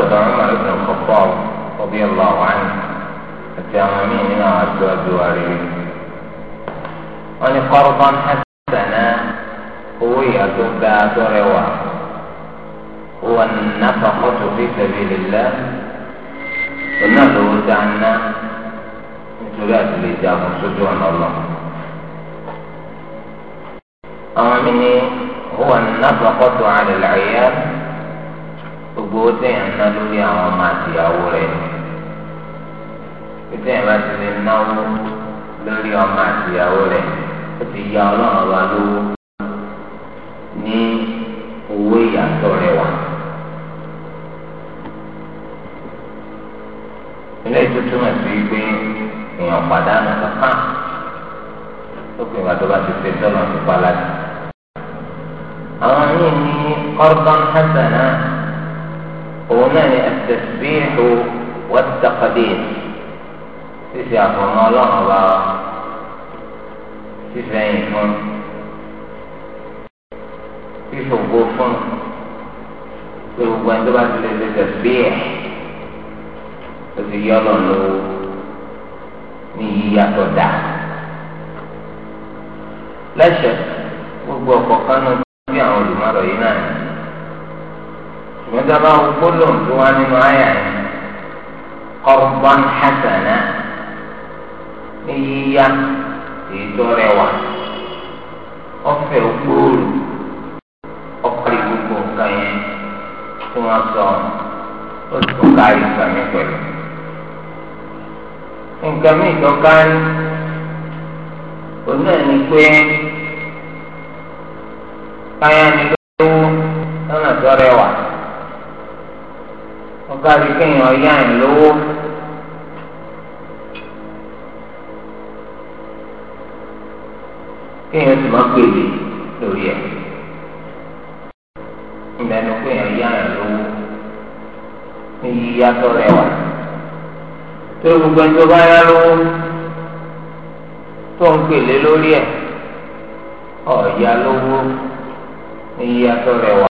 حدث عمر بن الخطاب رضي الله عنه التامين الى ازواج والده عن قرضا حسنا قوية بات رواه هو النفقة في سبيل الله والنفقة عنا ثلاث الإجابة سجوا الله أمني هو النفقة على العيال gbogbo owó tẹ̀yàn ná lórí àwọn ọmọ àtìyàwó rẹ̀ ni tẹ̀yàn bá ti lè náwó lórí ọmọ àtìyàwó rẹ̀ ó ti ya ọlọ́run ọba lówó ní owó ìyàtọ̀ rẹ̀ wà. ilé tuntun mọ̀ sí pé èèyàn pàdánù kankan tó pè wá tó bá ti ṣe tọ́lọ́ nípa láti. àwọn yìí ní kọ́ńtọ́n hàtà náà òun náà ni àtẹ̀síbíhù wọ́tàkàdéè fífi àfọ̀mọ́ ọlọ́run bá wa fífi ẹ̀yìn fún fífi ògbó fún pé gbogbo ẹni tó bá ti lè fẹsẹ̀ bíẹ̀ ó ti yọ ọlọ́run lówó ní yíyàtọ̀ dáa lẹ́sẹ̀ gbogbo ọ̀kọ̀ọ̀kan náà bí àwọn olùmọ̀ràn yìí náà mọta bá ń gbóló tó wá nínú àyà yẹn ọgbọn hasana ní yíyá èyí tó rẹwà ọfẹ gbòòrò ọkàlì gbogbo nǹkan yẹn tí wọn sọ ó sì kọ káyé pẹ̀lú nǹkan mi ìtọ́ka ní onáà ní pé káyá ni lówó lọ́nà tó rẹwà kárí kéèyàn yá ẹ̀ lówó. kéèyàn sì máa gbèlè lórí ẹ̀. ìmẹ̀nu kéèyàn yá ẹ̀ lówó ní yíyá tó rẹwà. tó gbogbo ẹni tó bá yá lówó tó ń gbèlè lórí ẹ̀ ọ̀ọ́yá lówó ní yíyá tó rẹwà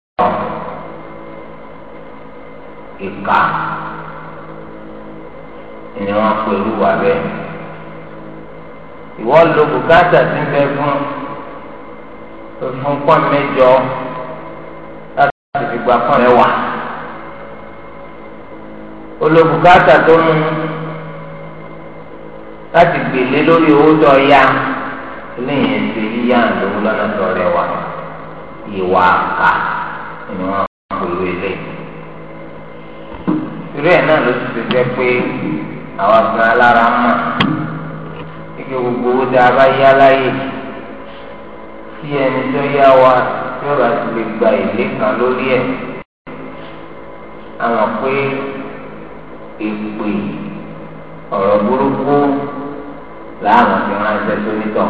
ìka ni wọn pẹ̀lú wà bẹ́ẹ̀ ìwọ lo bùkátà tí ń bẹ fún fún pọn mẹ́jọ láti fi gba pọn mẹ́wàá olùbùkátà tó mú láti gbèlé lórí owó tó yá lẹ́yìn ẹsẹ yíyá lówó lọ́nà tó rẹwà ìwà àká ni wọn bẹ́ẹ̀ náà ló ti ṣe pé àwọn kan alára mọ̀ ike gbogbo owó tá a bá yá láyè tí ẹni tó yá wa tí ó bá ti lè gba èlé kan lórí ẹ̀ àwọn pé èpè ọ̀rọ̀ burúkú láàmú fi ránṣẹ́ sónítọ̀.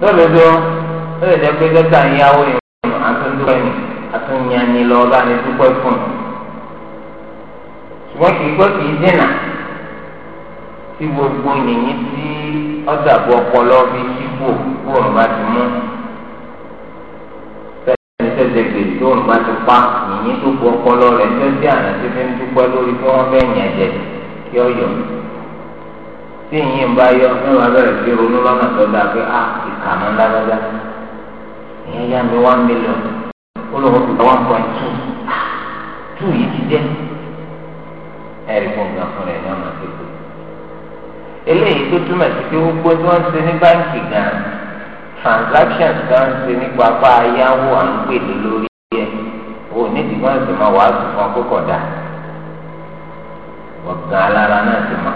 lódodo ó lè jẹ́ pé dọ́tà ń yáwó ìrìn àtúndúró ẹ̀yìn. àtúnyani lọ bá ní dúpẹ́ fún un ṣùgbọ́n kì í gbọ́ kì í dènà tí gbogbo yìnyín tí ọ̀dàbọ̀ ọpọlọ bí yíwò kú ọ̀run bá ti mú fẹ́ẹ́ni bá ti pa yìnyín tó bu ọpọlọ rẹ̀ àná tí fi ọ yọ tí yìnyín bá yọ bẹ̀rẹ̀ sí ronú lọ́nà a ìkànnà ńlá ìyẹn yá mi olóhùn ti one point two two yìí ti jẹ́ ẹ̀rí fún gan fún rẹ̀ ní ọmọ àtẹ́kù eléyìí tó túmọ̀ sí pé gbogbo tí wọ́n ń ṣe ní báńkì gan transactions gan ń ṣe nípa apá ayáwó à ń gbèdé lórí ẹ̀ o nídìí wọ́n ń ṣe máa wàásù fún akókò dá ọ̀gá alára náà ti mọ̀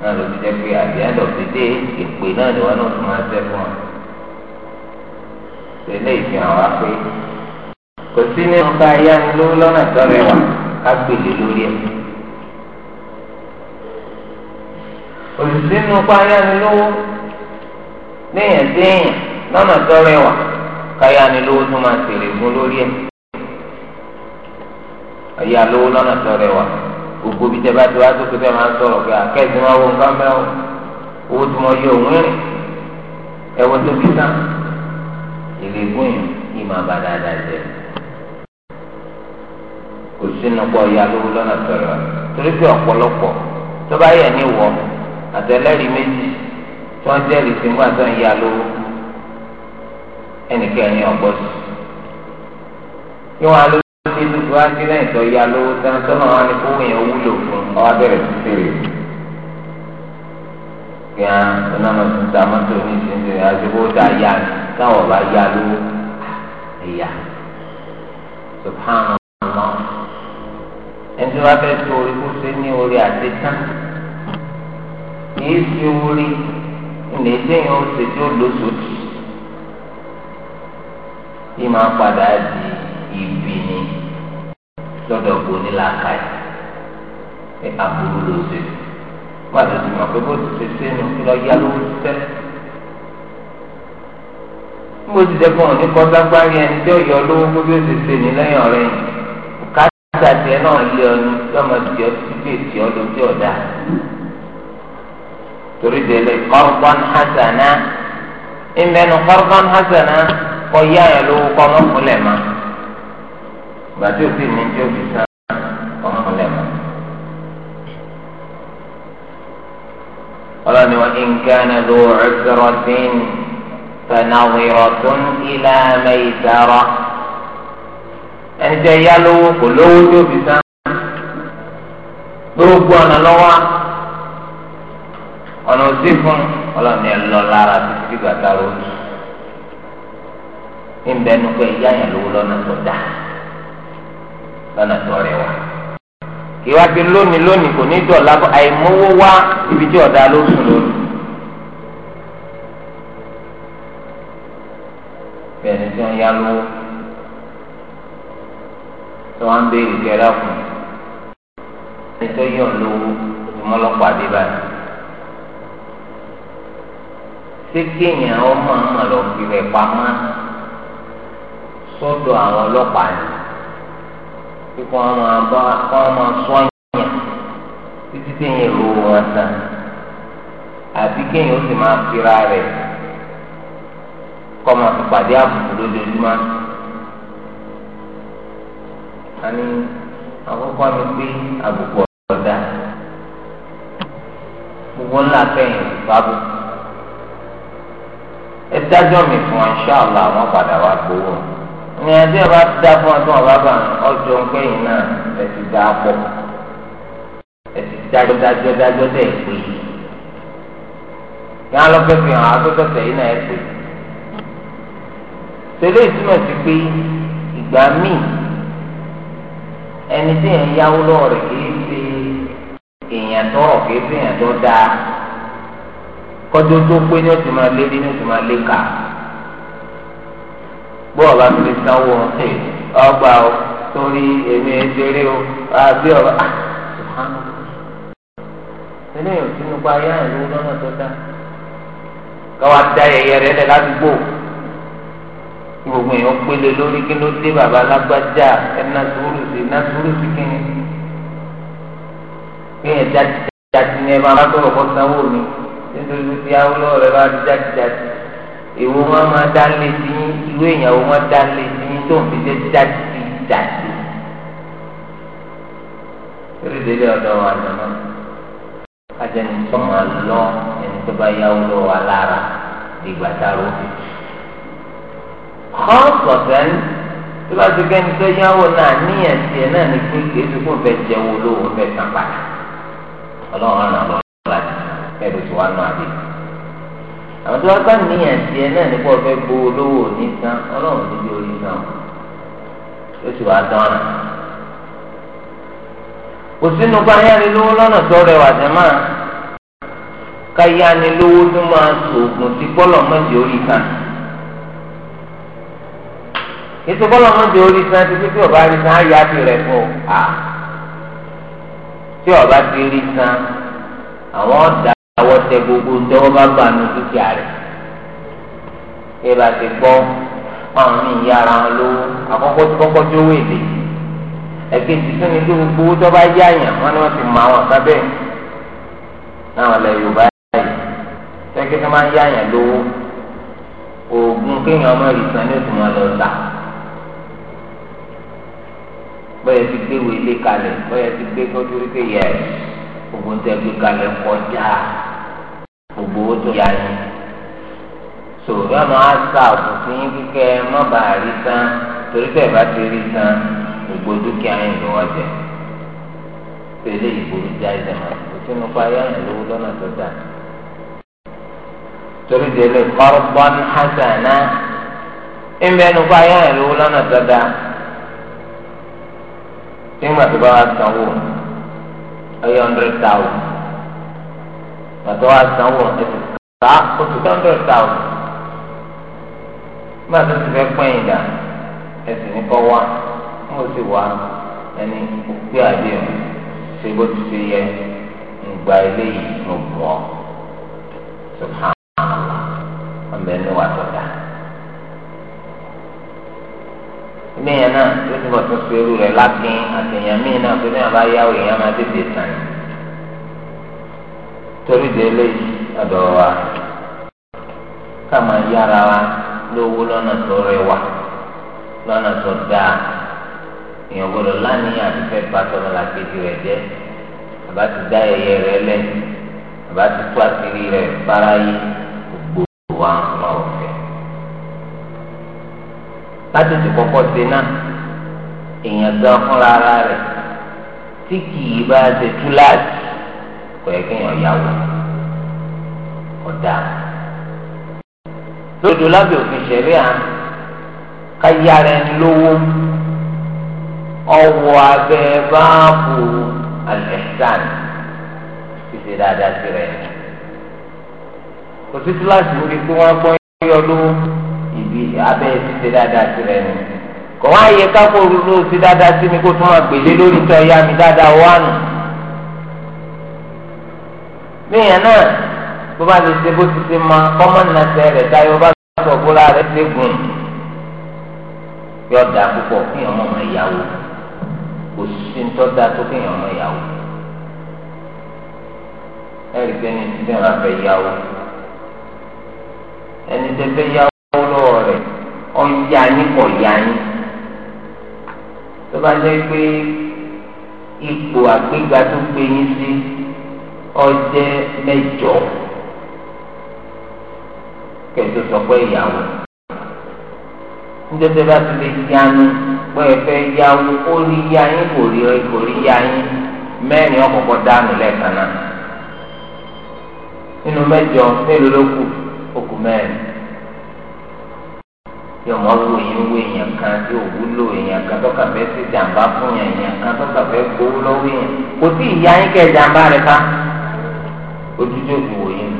náà ló ti jẹ́ pé àbí end of the day èpè náà ni wọ́n náà tún máa ṣẹ́ fún ọ tẹ̀lé ìfihàn wa pé kò sí nínú ká yáni lówó lọ́nà tó rẹwà ká gbèlè lórí ẹ̀. òṣìṣẹ́ nínú ká yáni lówó léèyàn déèyàn lọ́nà tó rẹwà ká yáni lówó tó máa tèrè fún lórí ẹ̀. ọ̀yà lówó lọ́nà tó rẹwà gbogbo bí tẹ bá ti wá sókè tẹ máa ń sọ̀rọ̀ pé àkẹ́sì máa nǹkan mẹ́wọ́ owó tí mo yọ òun rìn ẹ̀wọ̀n tó fi tán ìwé gbóyìn kí máa bá dáadáa jẹ kò sínú pọ ya lówó lọ́nà tọrọ torí pé ọ̀pọ̀lọpọ̀ tó bá yẹ ní wọ àtẹlẹ́rìí méjì tó ń jẹ́rìí sí wọn àti ìyá lówó ẹnìkẹ́ni ọ̀gbọ́n sí kí wọ́n á lọ sí dúdú á sí lẹ́yìn tó ya lówó tán tó náà wọn ni kó wọ́n yẹn wúlò fún ọ abẹ́rẹ́ sí fèrè kí á onáma tó ta mọ́tò ní ìsinsìnyí àdúgbò tá a yá ni táwọn bá yá lówó ẹ̀yà subhanallah ẹni tí wọ́n fẹ́ tó orí kó ṣe ní orí àdéhùn kìí ṣe orí ilé ìdẹ́yìn ó ṣe tí ó lóṣooṣù tí máa padà di ibi ni lọ́dọ̀ gbòónì làákàyè pé àbúrò ló wọn àti tìmọ̀ pé bó ti ṣe sẹ́nu kí lọ yá lówó ti tẹ́ bó ti jẹ́ pé òun ní kọ́ságbárí ẹni tí ó yọ lówó kó bí ó ti ṣe ní lẹ́yìn ọ̀rẹ́ yìí kátà tiẹ̀ náà lé ọ ní lọ́mọ tí ó ti gbé tí ọ lọ sí ọ̀dà torí kọ́rọ́bọ́n hasana ìmẹ́nu kọ́rọ́bọ́n hasana kọ́ yá ẹ̀ lówó kọ́ mọ́kúnlẹ̀ mọ́ gbàtí òfin ní tí ó fi sá. ọlọ́ni wọn nǹkan ló ẹ̀sọ̀rọ̀ sí ní fẹ̀nàwìrọ̀ tó ń ilá mẹ́ìdára ẹni tẹ́ yá lówó kò lówó tó fi sá gbogbo ọ̀nà lọ́wọ́ ọ̀nà òsì fún ọlọ́ni ẹ̀ lára títí dìgbà tá a pé ìyá yẹn lówó lọ́nà tó dáa lọ́nà tó rẹwà ìwádìí lónìí lónìí kò ní dọ̀la àìmówó wá ibi tí ọ̀dà ló sùn lónìí. bẹ́ẹ̀ ni tí wọ́n yá lówó tí wọ́n ń béèrè kẹ́rẹ́ fún ẹni tó yọ̀ lówó ìmọ̀lọ́pàá dé báyìí. ṣé kéèyàn ọmọ àmàlọ́ fi rẹ̀ pamọ́ sọ́dọ̀ àwọn ọlọ́pàá yìí kí kọ́ ọ máa bá kọ́ ọ máa sọ yẹn títí téèyàn ro wọn tán àbí kéèyàn ó sì máa fira rẹ̀ kọ́ máa fi pàdé àbùkù lójoojúmọ́. àní àkọ́kọ́ ni pé àbùkù ọ̀dà gbogbo ńlá kẹ́yìn ìfàbù ẹ dájọ́ mi fún wa ṣáàlà àwọn padà wà gbowó. ìyẹn tí ọba dá fún ọtún ọba bá ọjọ nkẹyìn náà ẹtì dá pọ ẹtì dájọ dájọ dájọ dẹ pé yẹn alọpẹ fi hàn akókòtò yìí náà ẹ pé ìtumọ̀ sí pé ìgbà míì ẹni tí yáwó lọ́wọ́ rẹ̀ ṣe bó ọba fi lè sanwó ọgbà o torí èmi ẹdẹrẹ o àbí ọba ah, eléyìí ò sínú pa ayé àìlú lọ́nà tó dá káwa da ẹyẹ rẹ lẹ ládùúgbò gbogbo èèyàn pélé lórí kí ló dé bàbá lágbájá ẹná sùúrù sí ẹná sùúrù sí kí ni kí yẹn jáde jáde ní ẹ máa bá tọrọ kọ sanwó mi nítorí pé awolowó rẹ bá jáde jáde ìwọ wọn máa dá lé sí yín ìlú ìyàwó wọn dá lé sí yín tó ń fi ṣe dájú dájú. torí délé ọ̀dọ̀ wa nàná ajẹni tó máa lọ ẹni tó bá yáwó lọ wà lára ìgbà tá a rò fi. kọ́ sọ̀tẹ́ni tó bá ti kẹ́ni tó yáwó náà níyàn tiẹ̀ náà ní kí kìí tó kó fẹ́ jẹ́wó lówó fẹ́ tàn padà ọlọ́run ràn lọ́wọ́ láti ẹ̀rù tó wà nù àdéhùn àwọn tó wá bá níyàn tiẹ̀ náà nípa ọ̀fẹ́ gbó olówó ní san ọlọ́run níbi orí san ó sì wá dán ọ̀nà. kò sínú bá yánilówó lọ́nà tó rẹwà jẹ́mọ́ ká yánilówó tó máa sòògùn sí bọ́lọ̀ mọ́jì orí san. ètò bọ́lọ̀ mọ́jì orí san ti pípé ọ̀bá rí san á yá tirẹ̀ fún ọ. tí ọ̀bá ti rí san àwọn ọ̀dà fàwọ́ tẹ gbogbo tẹ́wọ́ bá gbà ní dúkìá rẹ̀ ẹ bá ti gbọ́ àwọn ní ìyá ara wọn lówó àkọ́kọ́ tí kọ́kọ́ tí ó wé lè ẹ̀kejì tó ní kí gbogbo owó tó bá yá àyàn wọn ni wọ́n ti mọ àwọn sábẹ́ náà lẹ Yorùbá yìí tẹ́kẹ́ tó máa ń yá àyàn lówó oògùn kéèyàn ọmọ ìrìsàn ní oṣù wọn lọ tà bóyá ti gbé wo kalẹ̀ bóyá ti gbé kọ́jú rí pé gbé kalẹ̀ kọjá gbogbo owó tó yá yín so yóò máa sa àbùkù yín kíkẹ́ má bàa rí tán torí bẹ́ẹ̀ bá ti rí tán gbogbo dúkìá yín ló wọ́n jẹ pẹ̀lẹ́ ìgboro já ẹ̀jẹ̀ máa kò sínú fáyà yín lówó lọ́nà tó dà torí délé kọ́rọ́bọ́ ní hasana ìmẹ́nu fáyà yín lówó lọ́nà tó dà nígbà tó bá wà sanwó ọyọ hundred thousand pàtó wa sanwó ẹsẹ̀ ká oṣù tọ́ndọ̀ táwọn nígbà tó ti fẹ́ pẹ́yìn dà ẹsẹ̀ ní kọ́ wá mo sì wá ẹni òpé o ṣe bó ti ṣe yẹ ìgbà eléyìí ló bù ọ́ subhanallah ọmọ ẹni wà tó dáa ilé yẹn náà tó ti bọ̀ tó ṣe irú rẹ̀ lákin àtẹ̀yàmí náà tó ní àbáyáwó èèyàn máa tètè tàn yìí torí de eléyìí ọ̀dọ̀ wa ká máa yára wa lówó lọ́nà tó rẹwà lọ́nà tó dáa èèyàn gbọ́dọ̀ lánìí àti fẹ́ bá tọ́lọ́ la kejì rẹ̀ jẹ́ àbá ti dá ẹyẹ rẹ̀ lẹ̀ àbá ti tó àṣírí rẹ̀ báráyé gbogbo wa ń lọ ọ̀fẹ́. láti ti kọ́kọ́ ṣe náà èèyàn gan fúnra ara tí kì í bá ṣe túláàsì kò yẹ kéèyàn yàwó ọ̀dà lódodo lábẹ́ òfin ṣẹ̀ríà ká yára ẹni lówó ọwọ́ abẹ báàbò alẹ́sàn ṣíṣe dáadáa sí rẹ̀ kò sí kíláàsì orí pé wọ́n gbọ́ yọ lówó ibi abẹ́ ṣíṣe dáadáa sí rẹ̀ ni kò wá yẹ ká kó dáadáa sí mi kó tún máa lórí tó ẹ̀yà mi dáadáa wà bíyẹn náà bó bá lè ṣe bó ti ṣe ma kọ́mọ́ nàṣẹ rẹ̀ táyọ̀ bá sọ bóra rẹ̀ ṣe gùn yọ da púpọ̀ kí ọmọ ọmọ ìyàwó kò sí ń tọ́da tó kí ọmọ ìyàwó ẹ̀rí pé ní ti dẹ́rùn afẹ́ ìyàwó ẹni tẹ́ fẹ́ yàwó lọ́wọ́ rẹ̀ ọ̀yà yín kọ̀ yà yín tó bá jẹ́ pé ipò àgbéga tó gbé yín sí. ọjẹ mẹ́jọ kẹtù sọ ìyàwó nítorí bá ti lè yanu pé yàwó ó rí yá kò rí ẹ kò rí yá yín mẹ́rin dànù lẹ́ẹ̀kan nínú mẹ́jọ mélòó ló kù ó kù mẹ́rin yóò mọ wo èèyàn kan tí èèyàn kan tó ojú tí òfin wòye ni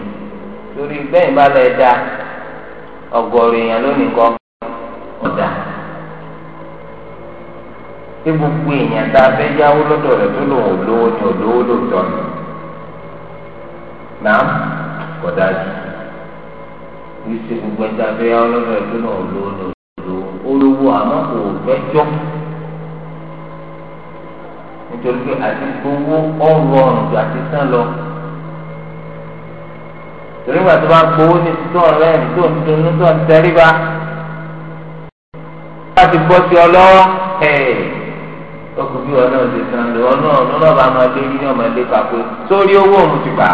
torí bẹ́ẹ̀ bá lọ ẹ̀dá ọ̀gọ̀ọ̀rọ̀ èèyàn lónìí kọ́ ọ̀dà tí gbogbo èèyàn tá a fẹ́ yáwó lọ́dọ̀ rẹ̀ tó lòun olówó ni olówó lòótọ́ ni náà kò dájú kì í ṣe gbogbo ẹ̀dá fẹ́ yáwó lọ́dọ̀ rẹ̀ tó lòun olówó ni olówó olówó àmọ́ kò fẹ́ jọ́ nítorí pé àti gbowó ọ̀rọ̀ ọ̀rùn àti sán lọ torí ìgbà tó bá gbowó ní títún ọ̀rẹ́ ní tó ń dunnú tó ń tẹríba láti gbọ́ sí ọ lọ́wọ́ ọkùnrin ọ̀nà òde san lò ọ̀nà ọ̀nà máa lé ní ọmọ ilé papọ̀ sórí owó òun ti gbà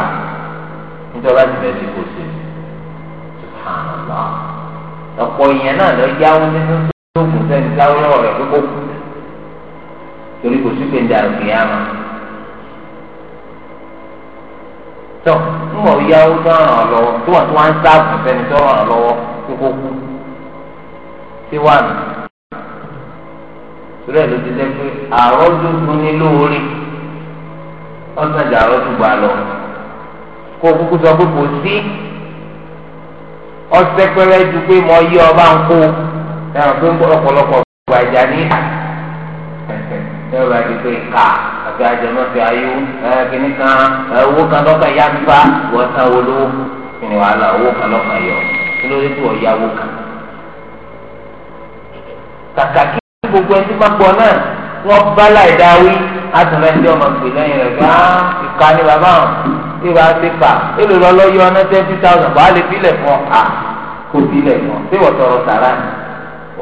nítorí láti bẹ̀rẹ̀ sí kò sí ọ̀pọ̀ ìyẹn náà lọ yáwó nínú tó kù sẹ́ni sáwọ́ rẹ̀ kókó torí kò sí pé ń darí tán ń mọ̀ yáwó tó ràn án lọ́wọ́ tó wà tó wá sáàbù fẹ́ni tó ràn án lọ́wọ́ kókó kú sí wà mí. Sùrẹ́ ló ti jẹ́ pé àrọ́jú gbóni lóore ọ̀sán àrọ́jú gbà lọ. Kó kúkú sọ pé kò sí ọsẹ pẹrẹ ju pé mo yí ọba ń kó ẹ̀ràn pé ọ̀pọ̀lọpọ̀ gbàjà ní à yóò bá di pé ká àti àjẹmọ́tì ayé kìnnì kan owó kan lọ́kàn yá gbígbá wọ́n san owó lówó kìnnì wàhálà owó kan lọ́kàn yọ kí ló dé tí wọ́n yá owó kan. kàkà kí gbogbo ẹtí máa gbọ́ náà wọ́n bá láì dáwí àtúnlẹ̀ tí ọmọ pè lẹ́yìn rẹ̀ gbá ìka ni bàbá wọn tí wàá ti fà èlò lọ́lọ́yọ́ ọ̀nà twenty thousand wàá lè bílẹ̀ fún ọ kò bílẹ̀ fún ọ tí wọ́n tọrọ sàrà ní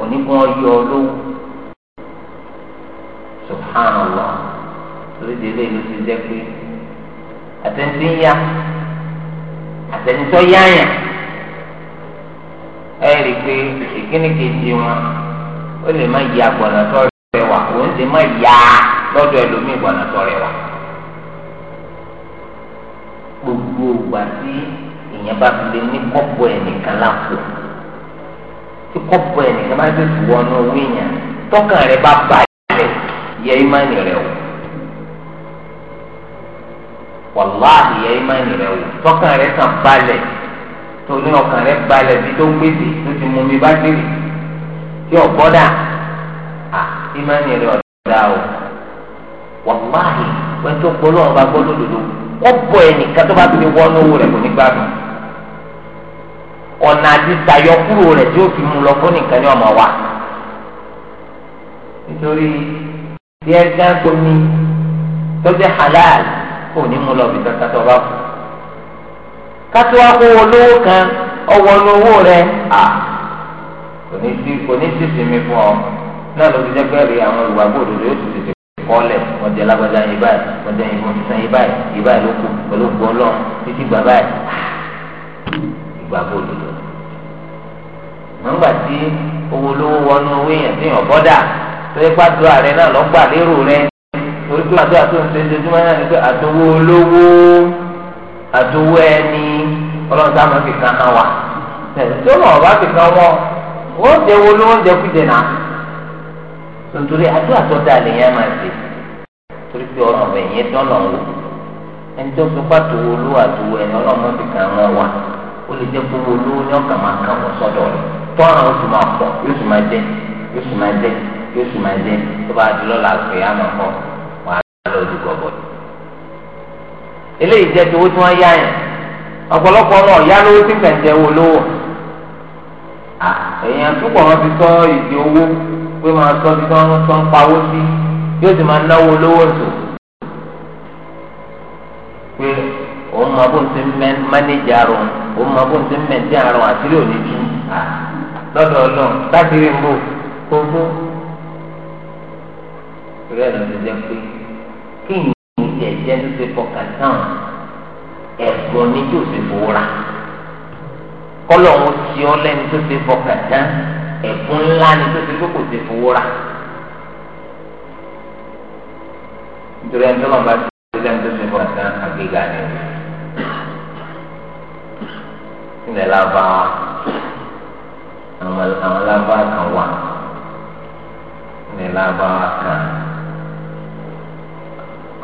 òní kún ọ yọ ọ lówó subhanallah torí délé ló ti jẹ́ pé àtẹnudí ń yá àtẹnudọ́ yáyà ẹ rí i pé ìkíni kejì wọn ó lè má yí agbọ̀nàtọ́ rẹ̀ wá òun sì má yá lọ́dọ̀ ẹlòmíì gbọ̀nàtọ́ rẹ̀ wá gbogbo ìgbà tí èèyàn bá fi lè ní kọ́pọ̀ ẹnìkan lápò tí kọ́pọ̀ ẹnìkan bá fi wọnú owó èèyàn tọ́kàn rẹ̀ bá bá yẹ ìmánì rẹ wò wàláhì yẹ ìmánì rẹ wò tọkàn rẹ kàn balẹ̀ torí ọkàn rẹ balẹ̀ bí tó gbèsè tó ti mú mi bá dèrè tí ò gbọ́dà à ìmánì rẹ ọ̀dà o wàláhì wọ́n tó gbọ́ lọ́wọ́ bá gbọ́ lódodo wọ́n bọ̀ ẹnìkan tó bá fi wọ́n lówó rẹ̀ kò ní gbàgbọ́ ọ̀nà àti tayọkúrò rẹ̀ tí ó fi mú lọ fún nìkan ní ọmọ wa nítorí. bí ẹgbẹ́ gbomi tó ti halal kò ní mú lọ bí kankan tó bá kú. kátó olówó kan ọwọ́ olówó rẹ à kò ní sí kò ní sí sinmi fún ọ náà ló ti jẹ́ pé rí àwọn olùwàgbọ́ òdodo yóò ti tètè kọ́lẹ̀ wọ́n jẹ́ yìí báyìí wọ́n jẹ́ ìbọn yìí báyìí yìí báyìí ló kù pẹ̀lú gbọ́lọ́n títí gbà báyìí ìgbàgbọ́ òdodo. torí pàdúrà rẹ náà lọ́gbà lérò rẹ torí pé àdúrà tó ń ojoojúmọ́ náà ni pé àdówó olówó àdówó ẹni ọlọ́run táwọn fi kan hàn wá tó wọn ọba fi kan wọn wọ́n jẹ́ wo ló ń jẹ́ kújẹ náà nítorí àdúrà tó dáa lèyàn máa ṣe torí pé ọ̀nà ọ̀bẹ yẹn tán lọ́n ẹni yóò sì máa jẹ tó bá dúró làásù yá máa kọ wàá lọ ojú gbọbọ. eléyìí jẹ́ ti owó tí wọ́n yá yẹn ọ̀pọ̀lọpọ̀ ọmọ ọ̀yá lówó tí fẹ̀ǹtẹ̀ wò lówó. èèyàn túbọ̀ wọn ti sọ ìdí owó pé máa sọ bí wọ́n sọ ń pawó sí yóò sì máa náwó lówó tó. pé òun máa bó ń ti mánéjì àrùn òun máa bó ń ti mẹ̀ǹtì àrùn àti òní jù lọ́dọ̀ ọlọ́run rẹ̀ ló ti jẹ́ pé kí ìyìn tẹ̀ jẹ́ tó ṣe fọkàn tán ẹ̀gbọ́n ní tó ṣe fòwúra kọ́lọ̀ ń ti ọ́ lẹ́ni tó ṣe fọkàn tán ẹ̀gbọ́n ńlá ni tó ṣe kókò ṣe fòwúra. nítorí ẹni tó lọ́n bá ti lẹ́ni tó ṣe fọkàn tán àgbéga ni ilẹ̀ lábáwá àwọn lábáwá kan wà ilẹ̀ lábáwá kan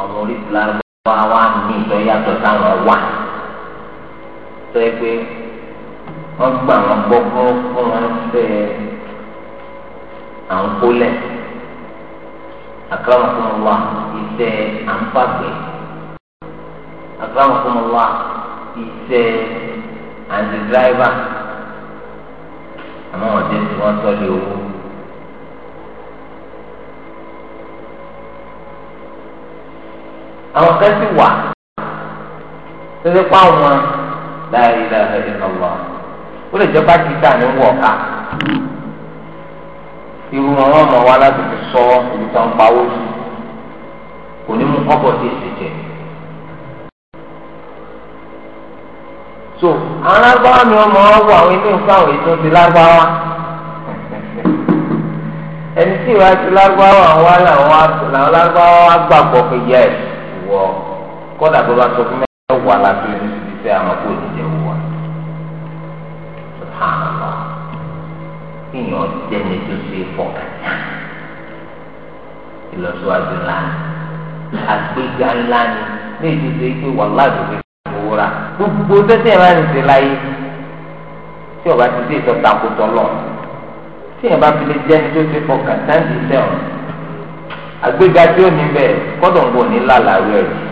àwọn oríṣi lárúbá wa ní ìtọ́ yàtọ̀ táwọn wà tó yẹ pé wọ́n gbà wọ́n gbọ́ fún fún wọn fẹ́ à ń kólẹ̀ àkàràmọ̀kùnmọ̀wá iṣẹ́ à ń fàgbẹ́ àkàràmọ̀kùnmọ̀wá iṣẹ́ à ń di dráìvà àmọ́ ọ̀dẹ́ tí wọ́n tọ́lé owó. àwọn kan sì wà lórí pa wọn la ilaha illallah ó lè jẹ́ pákítà ní wọ̀ọ̀ká irú wọn wọn mọ̀ wá láti fi sọ ibi tó ń pawó sí kò ní mú ọ̀bọ̀ tí èsì jẹ. so àwọn lágbáwá mi wọn mọ wọn wọ àwọn ilé ìfọ àwọn ètò ti lágbáwá ẹni tí ìwà ti lágbáwá àwọn làwọn lágbáwá gbàgbọ́ pé yẹ ẹ̀sìn wọ kọ́dà tó bá sọ fún mẹ́wàá lábẹ́ ẹni ti fẹ́ àwọn kó ìdíje wọ. kíyàn jẹ́ni tó ṣe fọkàtà ìlọsíwájú ńlá ni àgbéga ńlá ni léyìí tó ṣe pé wàhálà tó fi owó ra gbogbo tẹ́tẹ́ ìrìn àrùn ti láyé tí ọba ti dé ìtọ́ta kó tọ́ lọ tí ìyẹn bá fi lè jẹ́ni tó ṣe fọkàtà ń dì sẹ́wọ̀n agbega tí ó ní bẹ́ẹ̀ kọ́dọ̀ ń bò ní lálàáwí ẹ̀ yìí.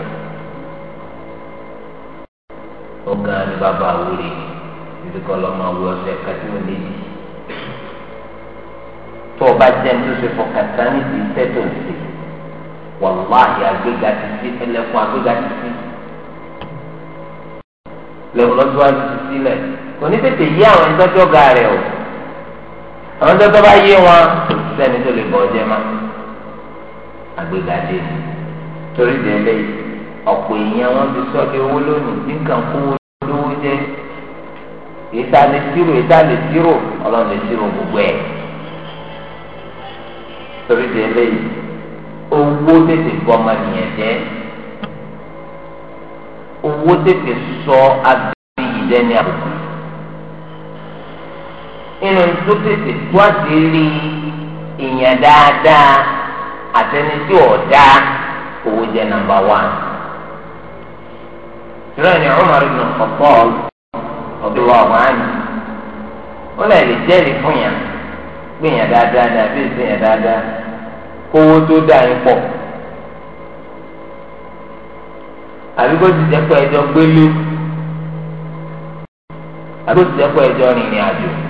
ọ̀gá ni bàbá wúre títí kọ́ lọ́ máa wú ọ̀sẹ̀ kátí ó léyìí. tó o bá jẹ́ ní oṣù fọkàtà ní ti tẹ́tò sí wàláhì agbega ti sí ẹlẹ́fun agbega ti sí lẹ́wọ̀n lọ́síwájú ti sílẹ̀ kò ní tètè yí àwọn ẹ̀ńtọ́jọ́ ga rẹ̀ o àwọn ẹ̀ńtọ́jọ́ bá yé wọn sẹ́ni tó lè bọ̀ ọ́ máa àgbéga dé ni torí délé ọ̀pọ̀ èèyàn wọn ti sọ pé owó lónìí ní nǹkan kówó lówó jẹ́ ìta lè tírò ìta lè tírò ọlọ́run lè tírò gbogbo ẹ̀ torí délé owó tètè bọ́mọ nìyẹn jẹ́ owó tètè sọ abẹ́rẹ́ yìí dẹ́ni àbùkù inú tó tètè tó àṣírí èèyàn dáadáa. àtẹni tí ò dá owó jẹ nàmbà wán. ìrọ̀ ni Umar ibn Khattab ọ̀bí wa wáàní ó lè lè jẹ́rìí fún yàn gbìyàn dáadáa ní àbí da dáadáa kówó tó dá yín pọ̀. àbí kó ti jẹ́ ẹjọ́ gbélé àbí kó ti jẹ́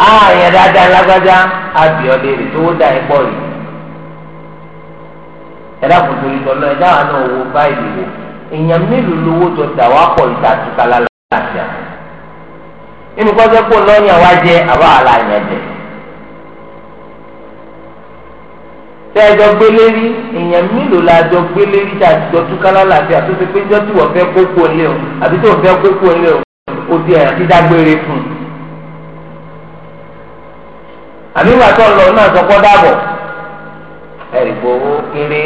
ààyè dáadáa lágbájá àbíọ́lé rẹ̀ tó dá ẹ pọ̀ yìí ẹ̀dá kò torí tọ́lọ́ ẹ̀dá wà náà owó báyìí wò èèyàn mélòó lówó tó dà wá pọ̀ ìta àtúkà lálàáfíà nínú kọ́jọ́ pò lọ́yàn wá jẹ àbá àlà yẹn jẹ tẹ́ẹ̀jọ gbélé rí èèyàn mélòó la jọ gbélé rí tá a ti jọ túká lálàáfíà tó ti pé jọ́ tí wọ́n fẹ́ kókó lé o àbí tí wọ́n fẹ́ kókó lé o ó ti ẹ̀ ti dágbére fún un. àbí atọ tó lọ náà sọkọ dàbọ̀ ẹ̀rì gbowó kéré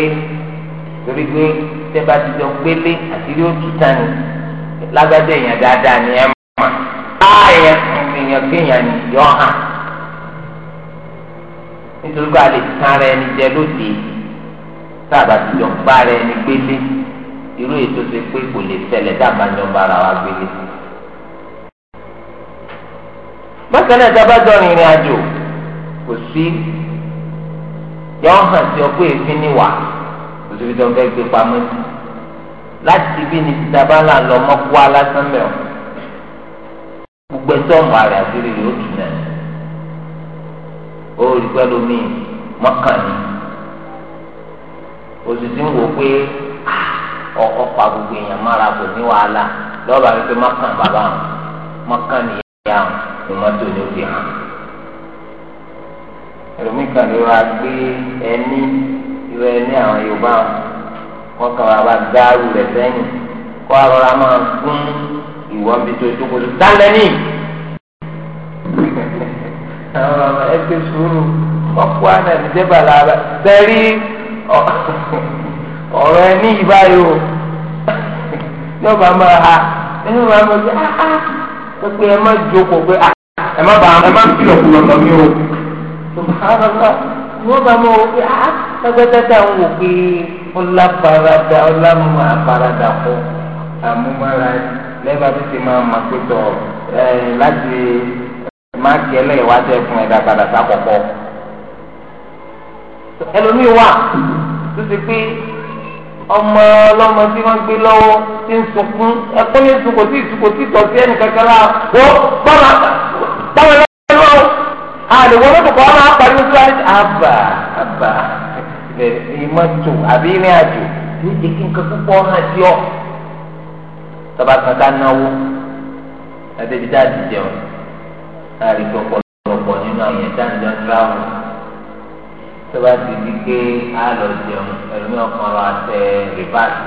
torí pé tẹ́ ti jọ gbélé àtìrí òtútà ni lágbájá èèyàn dáadáa ni ẹ mọ̀ á èèyàn kéèyàn ni yọ hàn nítorí pé a lè tán ara ẹni jẹ lóde tá ti kò sí yọ hàn sí ọ pé èéfín ni wà kò síbi tó fẹ́ gbé pamọ́ sí láti bí ni títa bá là lọ mọ́kúwá lásán mẹ́ọ̀ gbogbo ẹjọ́ ọmọ rẹ̀ àti rere ó tún náà ó rí pẹ́lú mi mọ́kànnì òṣìṣẹ́ ń wò pé ah, ọkọ̀ pa gbogbo èèyàn mára kò ní wàhálà lọ́ba wípé mọ́kàn bàbá àwọn mọ́kànnì ìyá àwọn ìmọ́tò ní òbí àwọn ẹlòmíì kan ló ra gbé ẹni irú ẹni àwọn yorùbá wọn kàn wá bá dárú rẹ sẹ́yìn kó arọra máa fún ìwọ́n bí tó jókòó tó dálẹ́ni. àwọn ọmọ ẹgbẹ́ sùúrù ọ̀pọ̀ àná ìdíjẹ́bà lára sẹ́rí ọ̀rọ̀ ẹni ìbáyò yọba máa ha ẹni máa mọ̀ sí ah, ah, pé ẹ má jókòó pé ah, ẹ má bàa ẹ má fi ọ̀pọ̀lọpọ̀ mi o subhanallah wọ́n bá mọ̀ wọ́n pé ah ẹgbẹ́tẹ́tẹ́ ń wò pé ọlá parada ọlá máa parada kọ́ àmúmára lẹ́bàá tó ti máa ma pé tọ̀ ẹ̀ láti máàkì ẹlẹ́yìnwájú ẹ̀fún ẹ̀dá padà sákọ̀kọ́. ẹlòmíì wà tó ti pé ọmọ ọlọ́mọ tí wọ́n gbé lọ́wọ́ ti ń sunkún ẹ̀kọ́ yẹn sunkò tí ìsunkò tí tọ̀ sí ẹnì kankan láà wọ́n báwọn àlùwọ́ mọ́tò kọ́ máa pariwo sí wáyé àbà àbà ìmọ̀tò àbí ìrìn àjò ní ìdíkí nǹkan púpọ̀ hàn sí ọ. tọ́ba kan ká náwó àtẹ̀bí dáàdì jẹun láàrin tó pọ̀lọpọ̀ nínú àwọn yẹn dáàdì jẹun tíráwù. tọ́ba ti di pé a lọ jẹun ẹ̀rọ̀mí ọkàn rọ àtẹ rìbáàsì.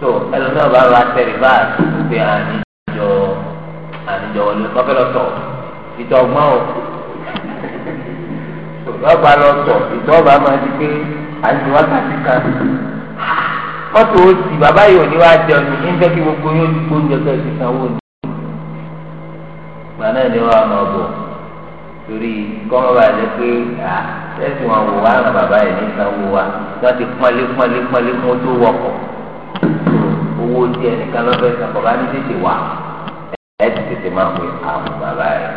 so ẹlòmíràn bá rọ àtẹ rìbáàsì pé àní ànjọwọlé mọfẹlọtọ ìtọgbọn o lọgbà lọtọ ìtọba máa di pé àti wákàtí kan mọtò òsì bàbá yìí ò ní wàá jẹun ní ń fẹ́ kí gbogbo yóò ti kó oúnjẹ tó ti sanwó ni. gbanáà ni wọn máa bọ torí kọ́mọ́ bá lè pé à tẹ́sí wọn wò wá ràn bàbá yìí ní sanwó wa wọ́n ti pọ́nlé pọ́nlé pọ́nlé fún tó wọkọ̀ owó tí ẹnìkan lọ́fẹ́ sọ̀kọ̀ bá ní tètè wà. ẹ ti tètè máa pe àwọn rẹ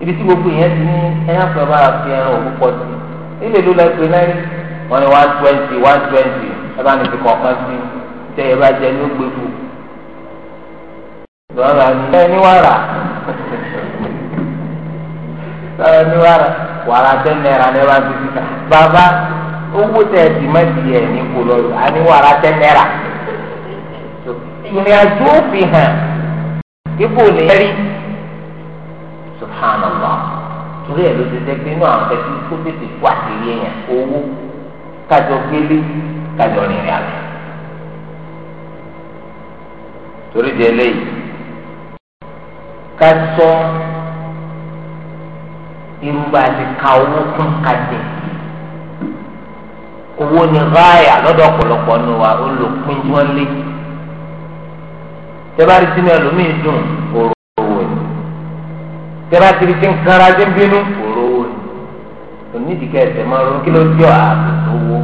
ibi tí gbogbo yẹn ti ní ẹyà pẹ bá fi ẹran òkú pọ sí ilé ló pé náírà wọn ni one twenty one twenty ẹ bá ní ti sí tẹ ẹ bá jẹ gbé fún ní wàrà ní wàrà wàrà tẹ ní ẹ bá ti ta bàbá owó tẹ ẹ ti má ìrìn àjò fi hàn ibo lè rí subhanallah torí ẹ̀ ló ti pé inú àwọn tètè kó àtìrí owó kájọ gbélé kájọ torí di eléyìí ká ni ráàyà tẹ́bárí sínú ẹlòmíì dùn òrò owó ẹ̀ tẹ́bárí síbi tí ń kára dé bínú òrò owó ẹ̀ onídìí kẹsẹ̀ máa ronú kí ló jọ ààbò owó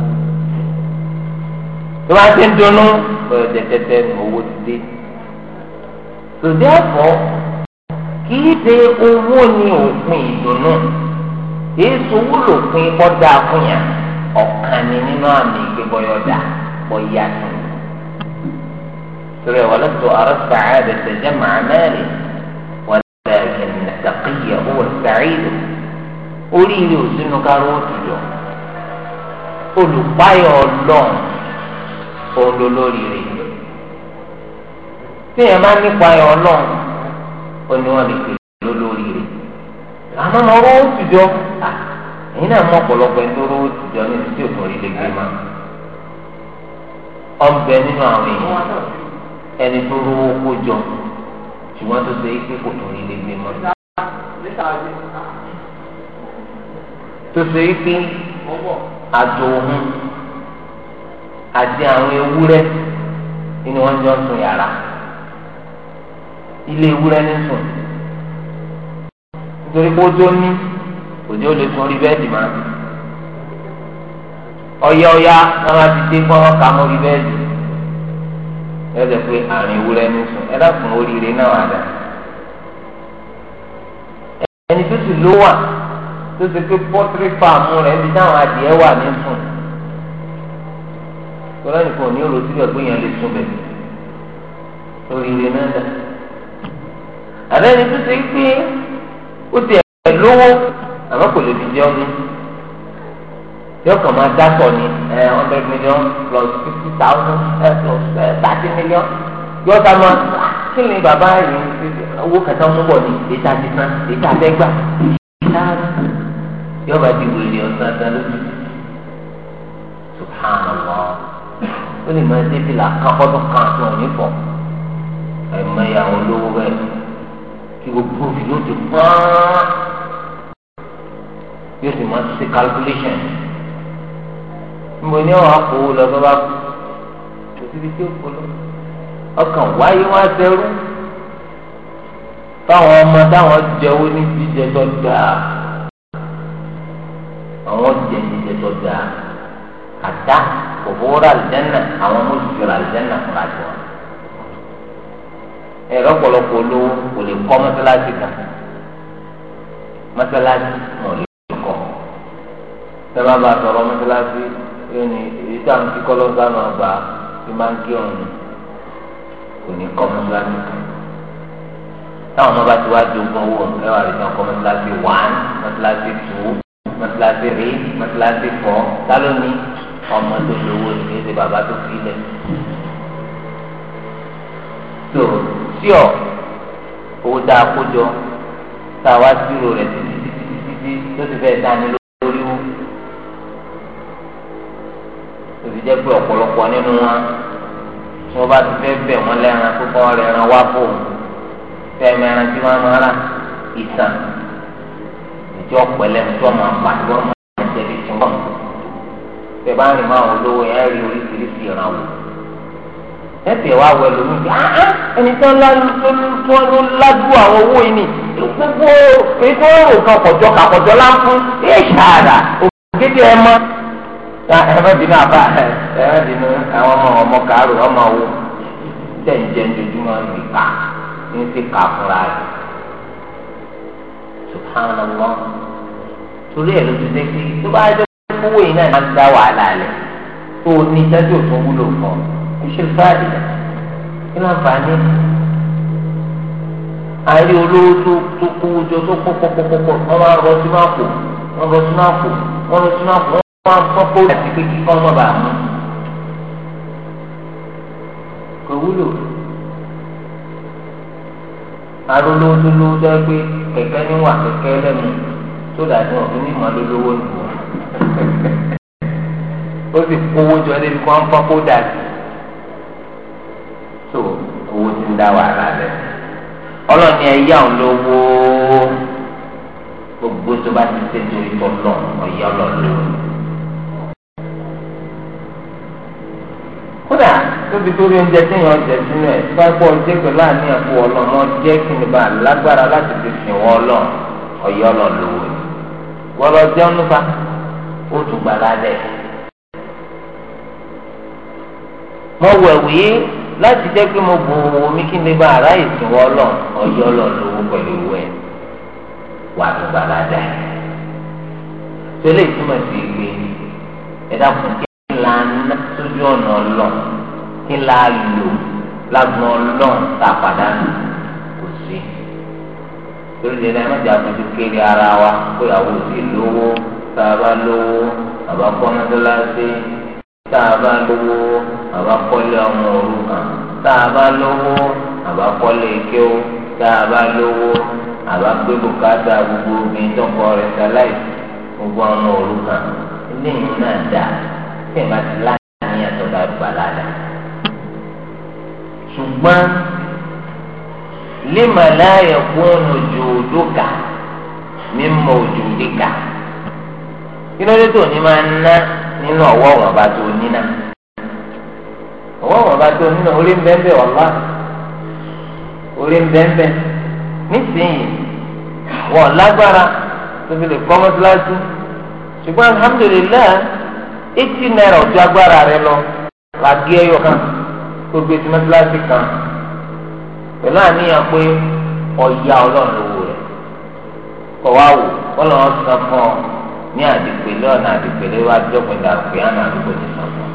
tó bá ti ń dunnú bọ̀dọ̀ tẹ́tẹ́tẹ́ ní owó ti dé so therefore kì í ṣe owó ni òpin ìdùnnú èyí sowó lòpin bọ́dà fún yàn ọ̀kan ni nínú àmì ìgbébọ̀yọ̀dà bọ̀yà tó torí ẹ̀ waladtu ara sa'adata jam'a mali walakin at-taqiyya huwa as-sa'id orí mi ò sínú káró tùjọ olùpáyọ̀ ọlọ́run òun lórí rẹ̀ tí èèyàn máa nípa ẹ̀ ọlọ́run ó ní wọ́n lè pè lólórí rẹ̀ àmọ́ mo rówó tùjọ èyí náà mọ ọ̀pọ̀lọpọ̀ ẹni tó rówó tùjọ ní ti tí òtún rí lè gbé máa ọ̀bẹ nínú àwọn èèyàn. ẹni tó rówó kó jọ ṣùgbọ́n tó ṣe é kò tó ilé gbé mọ́. tó ṣe é àjò òun àti àwọn ewúrẹ́ ni wọ́n jọ sùn yàrá ilé ewúrẹ́ ní sùn nítorí pé ó tó ní òde ó lè sùn orí ẹ jẹ pé àrùn ewúrẹ́ ní sùn ẹ dákun oríire náà àdá ẹni tó sì ló wà tó ṣe pé pọ́tírì fáàmù rẹ̀ níbi táwọn adìẹ wà ní sùn tọ́lá nìkan ò ní òrò síbẹ̀ pé èèyàn lè sùn bẹ̀ oríire náà dà àbẹ́ni tó ṣe pé ó ti ẹ̀ lówó àmọ́ kò lè fi jẹun ní yóò kàn máa dátọ̀ ní ẹ hundred million plus fifty thousand ẹ plus thirty million yóò sá máa ah, kí ni bàbá yìí owó kẹta mú bọ̀ ní ètò àtìsán ètò àtẹ́gbà yóò bá di wèrè ọ̀sán ọ̀sán lójú subhanallah ó lè máa débi là kápọ́tọ̀ kan àti òní fọ̀ ẹ̀mọ ìyàwó lówó bẹ́ẹ̀ kí gbogbo òfin ti pọ́n yóò sì máa ṣe calculation mo ní ọ̀hún akówó lọ tó bá kú kò síbi tí ó kó lọ ọkàn wáyé wá sẹ́rú táwọn ọmọ táwọn jẹ́wọ́ ní jíjẹ tó dáa àwọn jẹ jíjẹ tó dáa kàtá òfowó rà lẹ́nà àwọn ọmọ òṣìṣẹ́ rà lẹ́nà fúnra jọ ẹ̀rọ ọ̀pọ̀lọpọ̀ olówó kò lè kọ́ mọ́sálásí kan mọ́sálásí kan ò lè kọ́ sábà bá sọ̀rọ̀ mọ́sálásí yóò ní èyí tá à ń fi kọ́lọ́sá máa gbà fi máa ń gé ọ̀run kò ní kọ́ mọ́sálásí kan táwọn ọmọ bá ti wá jogún owó ẹ wà lè kọ́ mọ́sálásí one mọ́sálásí two mọ́sálásí three mọ́sálásí four tálóní ọmọ tó lówó ní kí ṣe bàbá tó fi lẹ̀. tó sí ọ owó tá a kó jọ tá a wá sírò rẹ̀ títí títí títí tó ti fẹ́ dání ló. òbí jẹ́ pé ọ̀pọ̀lọpọ̀ nínú wọn tí wọ́n bá ti fẹ́ bẹ̀ wọ́n lẹ́ran pé kọ́ lẹ́ran wá bò fẹ́ẹ̀mẹ́ ẹran tí wọ́n máa rà ìsàn ìjọ pẹ̀lẹ́ tí wọ́n máa pa tí wọ́n máa tẹ̀lé tí wọ́n fẹ́ bá rìn máa olówó yẹn rí oríṣiríṣi ìrànwọ́ tẹ́tẹ̀ wá wẹ̀ lómi bí ẹni tó ń lájú àwọn owó yìí ni gbogbo ètò òrò kan kọjọ kàkọjọ láǹfún èèṣà Ah, ẹ̀mẹ́bìnú àbá ẹ̀mẹ́bìnú àwọn ọmọ ọmọ kàárò ọmọ wo jẹ́njẹ́ ojoojúmọ́ ní ìka ní ti kà fúnra rẹ̀ subhanallah torí ẹ̀ ló ti dé sí tó bá dé kówó yìí náà máa ń dá wàhálà rẹ̀ tó o ní ìdájọ́ tó wúlò fún ọ ṣe fáàdì kí ló ń fà á ní. àárí olówó tó tó kówó jọ tó pọ̀pọ̀pọ̀pọ̀ wọ́n máa rọ sínú àpò wọ́n rọ sínú àpò wọ́n rọ sínú àpò wọn fọ kó àti pé kíkọ́ ọmọ bàá mú kò wúlò arólólóló jẹ́ pé kẹ̀kẹ́ níwà kẹ̀kẹ́ lẹ́nu tó dàbí ọ̀gbìn ní ìmọ̀lólówó nù ó sì kówó jọ débi kó ń fọ́ kó dàbí tó owó ti ń dá wàhálà rẹ̀ ọlọ́ni ẹ̀yà olówó gbogbo tó bá ti ṣe torí tọ́ lọ́ọ̀ ọ̀yà ọlọ́ọ̀lọ́wọ́. kódà tóbi torí oúnjẹ tí yàn jẹ sínú ẹ bá gbọ́ oúnjẹ pẹ̀lú àníyàn kó ọlọ́mọ jẹ́ kí ni bá lágbára láti fi sìn wọ́n lọ ọ̀yọ́ lọ lówó ni wọ́n lọ jẹun nípa ó tún gbà lálẹ́ mo wẹ̀wì láti jẹ́ pé mo bu owó mi kí ni bá aráyè sìn wọ́n lọ ọ̀yọ́ lọ lówó pẹ̀lú ìwẹ̀ wà tún gbà lálẹ́ tẹ́lẹ̀ ìtumọ̀ sí ìgbé ẹ̀dá fún kí n lànà ojú ọ̀nà ọlọ́n kí la lò lágbọn ọlọ́n tá a pàdánù kò sí. torí ìdílé ẹ mọ̀jà tuntun kiri ara wa kó ìyàwó sí lówó tá a bá lówó bàbá kọ́ mọ́tòláṣí tá a bá lówó bàbá kọ́lé ọmọ òrukàn tá a bá lówó bàbá kọ́lé kéwò tá a bá lówó bàbá gbé bùkátà gbogbo mi tọkọ rẹ̀ sáláì gbogbo ọmọ òrukàn ilé yìí náà dáa. ဖြစ်မှာလား bá gbà ládàá ṣùgbọ́n lima láyẹ̀ kún òjòdókà mímọ òjòdíkà kí ló dé tó ní máa ná nínú ọwọ́ wọn bá tó níná ọwọ́ wọn bá tó níná orí ọ̀la orí la gé ẹyọ kan tó gbé mẹsàlásì kan pẹ̀lú àníyàn pé ọ̀ya ọlọ́run lówó rẹ̀ wá wò ọlọ́run sọ fún ọ ní àdìpẹ̀lẹ́ ọ̀nà àdìpẹ̀lẹ́ wá jọ́pin dàpẹ́ àná àdúgbò ti sọ fún ọ.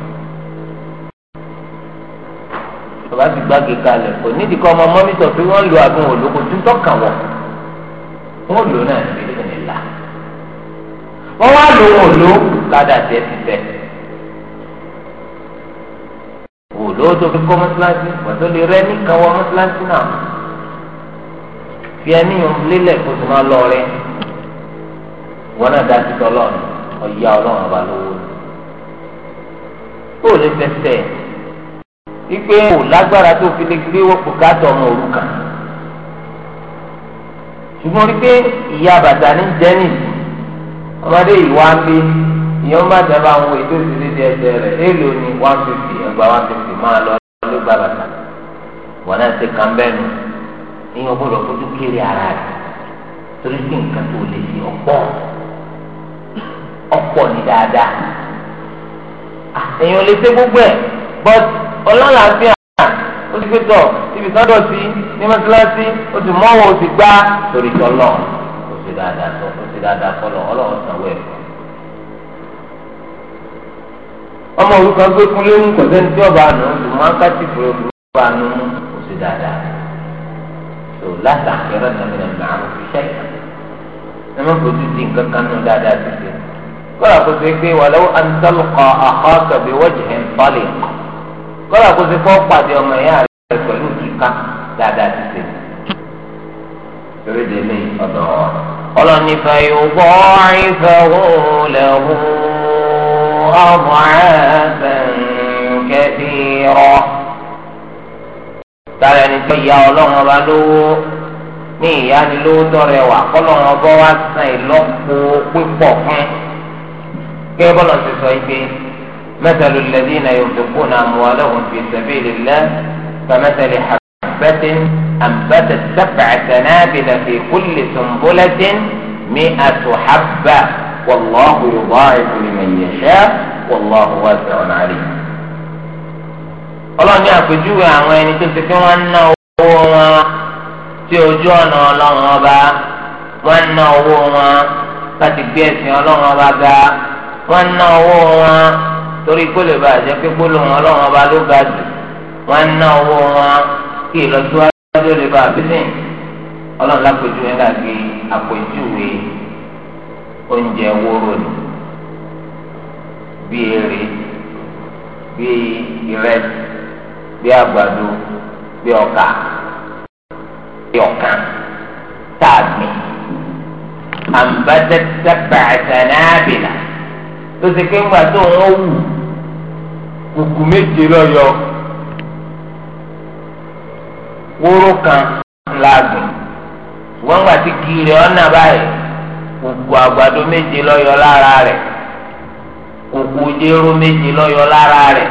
bàbá ọmọ mọ́nítọ̀ pé wọ́n lo àbí wọn ò lóko tó ń tọ́ka wọ́n lò náà ní lo wọn ò lò ládàá ti lówó tó fi kọ́ mọ́sálásí pàtó lè rẹ́ nìkan wọ mọ́sálásí náà fi ẹni yòó lélẹ̀ kó tó máa lọ rẹ wọn náà dá títọ́ lọ́nà ọ̀yá ọlọ́run ọba lówó ó lè fẹsẹ̀ wípé kò lágbára tó fi lè gbé wọ́pọ̀ káàtọ̀ ọmọ òrùka ṣùgbọ́n wípé ìyá bàtà ní jẹ́nìsì ọmọdé ìwà ń gbé ìyẹn má dábàá àwọn ètò ìdílé ẹsẹ̀ rẹ̀ èèlò ni one fifty ẹgbà one fifty máa lọ ló gba bàtà wọn náà ṣe kàn bẹ́ẹ̀ nù ìyẹn gbọ́dọ̀ fojú kéré ara rẹ̀ torí pé nǹkan tó lè fi ọ̀pọ̀ ọ̀pọ̀ ní dáadáa èèyàn lè ṣe gbogbo ẹ̀ but ọlọ́làáfíà ó ti fi tọ̀ ibi sọ́dọ̀ sí ní mọ́tíláṣí ó ti mọ́wọ́ ó ti gbá torí tọ́lọ̀ ó ti dáadáa tọ́ ó ti dáadáa tọ́lọ̀ ọlọ́run sanwó ẹ̀fọ́. ọmọ òrùka gbé fún léwu kò sẹ́ni tí ọba àná ló máa ń kátì fún ọba ọba àná kò sí dáadáa tó láti àkẹrẹ náà ní ẹ̀mí àrùn fi ṣẹ́ ẹ má fojú di nǹkan kan nù dáadáa ti ṣe kọ́lá kó ṣe pé wàlẹ́ an talqa akhaka bi wajhin taliq kọ́lá kó ṣe fọ́ pàdé ọmọ ẹ̀yà rẹ̀ pẹ̀lú kíka dáadáa ti ṣe torí délé أضعافا كثيرة. tààrà أن tó ya ọlọ́run ọba lówó ní ìyánilówó tọrẹ wà kọ́lọ́run ọba wa san ìlọ́po pípọ̀ fún kí bọ́lá ti sọ ibi mẹ́tàlú lẹ́dí náà yóò fi kó náà mú ọlọ́run fi sẹ́bí lélẹ́ kàmẹ́tàlí àbẹ́tẹ́ àbẹ́tẹ́ sábà àtẹnábìlẹ̀ fi kúlì sọ̀nbólẹ́tẹ́ mi àtúhábà. والله يضاعف لمن يشاء والله واسع عليم ọlọ́run ní àpèjúwe àwọn ẹni tó ti fi wọ́n ná owó wọn tí ojú ọ̀nà ọlọ́run ọba wọ́n ná owó wọn láti gbé ẹ̀sìn ọlọ́run ọba ga wọ́n ná owó wọn torí kó lè bàa jẹ́ ọlọ́run ọba ló ga jù wọ́n ná owó wọn kí ìlọsíwájú lè bàa bí ọlọ́run lápèjúwe láti àpèjúwe oúnjẹ wóró ni bí eré bí ìrẹsì bí àgbàdo bí ọkà bí ọkàn tààgbìn àǹbátẹ́tẹ́ bàtànáàbìlà tó ṣe pé ńgbà tó wọ́n wù kùkù méje lọ́yọ̀ wóró kan láàgbìn wọ́n gbà tí kiri ọ̀nà báyìí. kùkù àgbàdo méje lọ́yọ̀ lára rẹ̀ kùkù jéró méje lọ́yọ̀ lára rẹ̀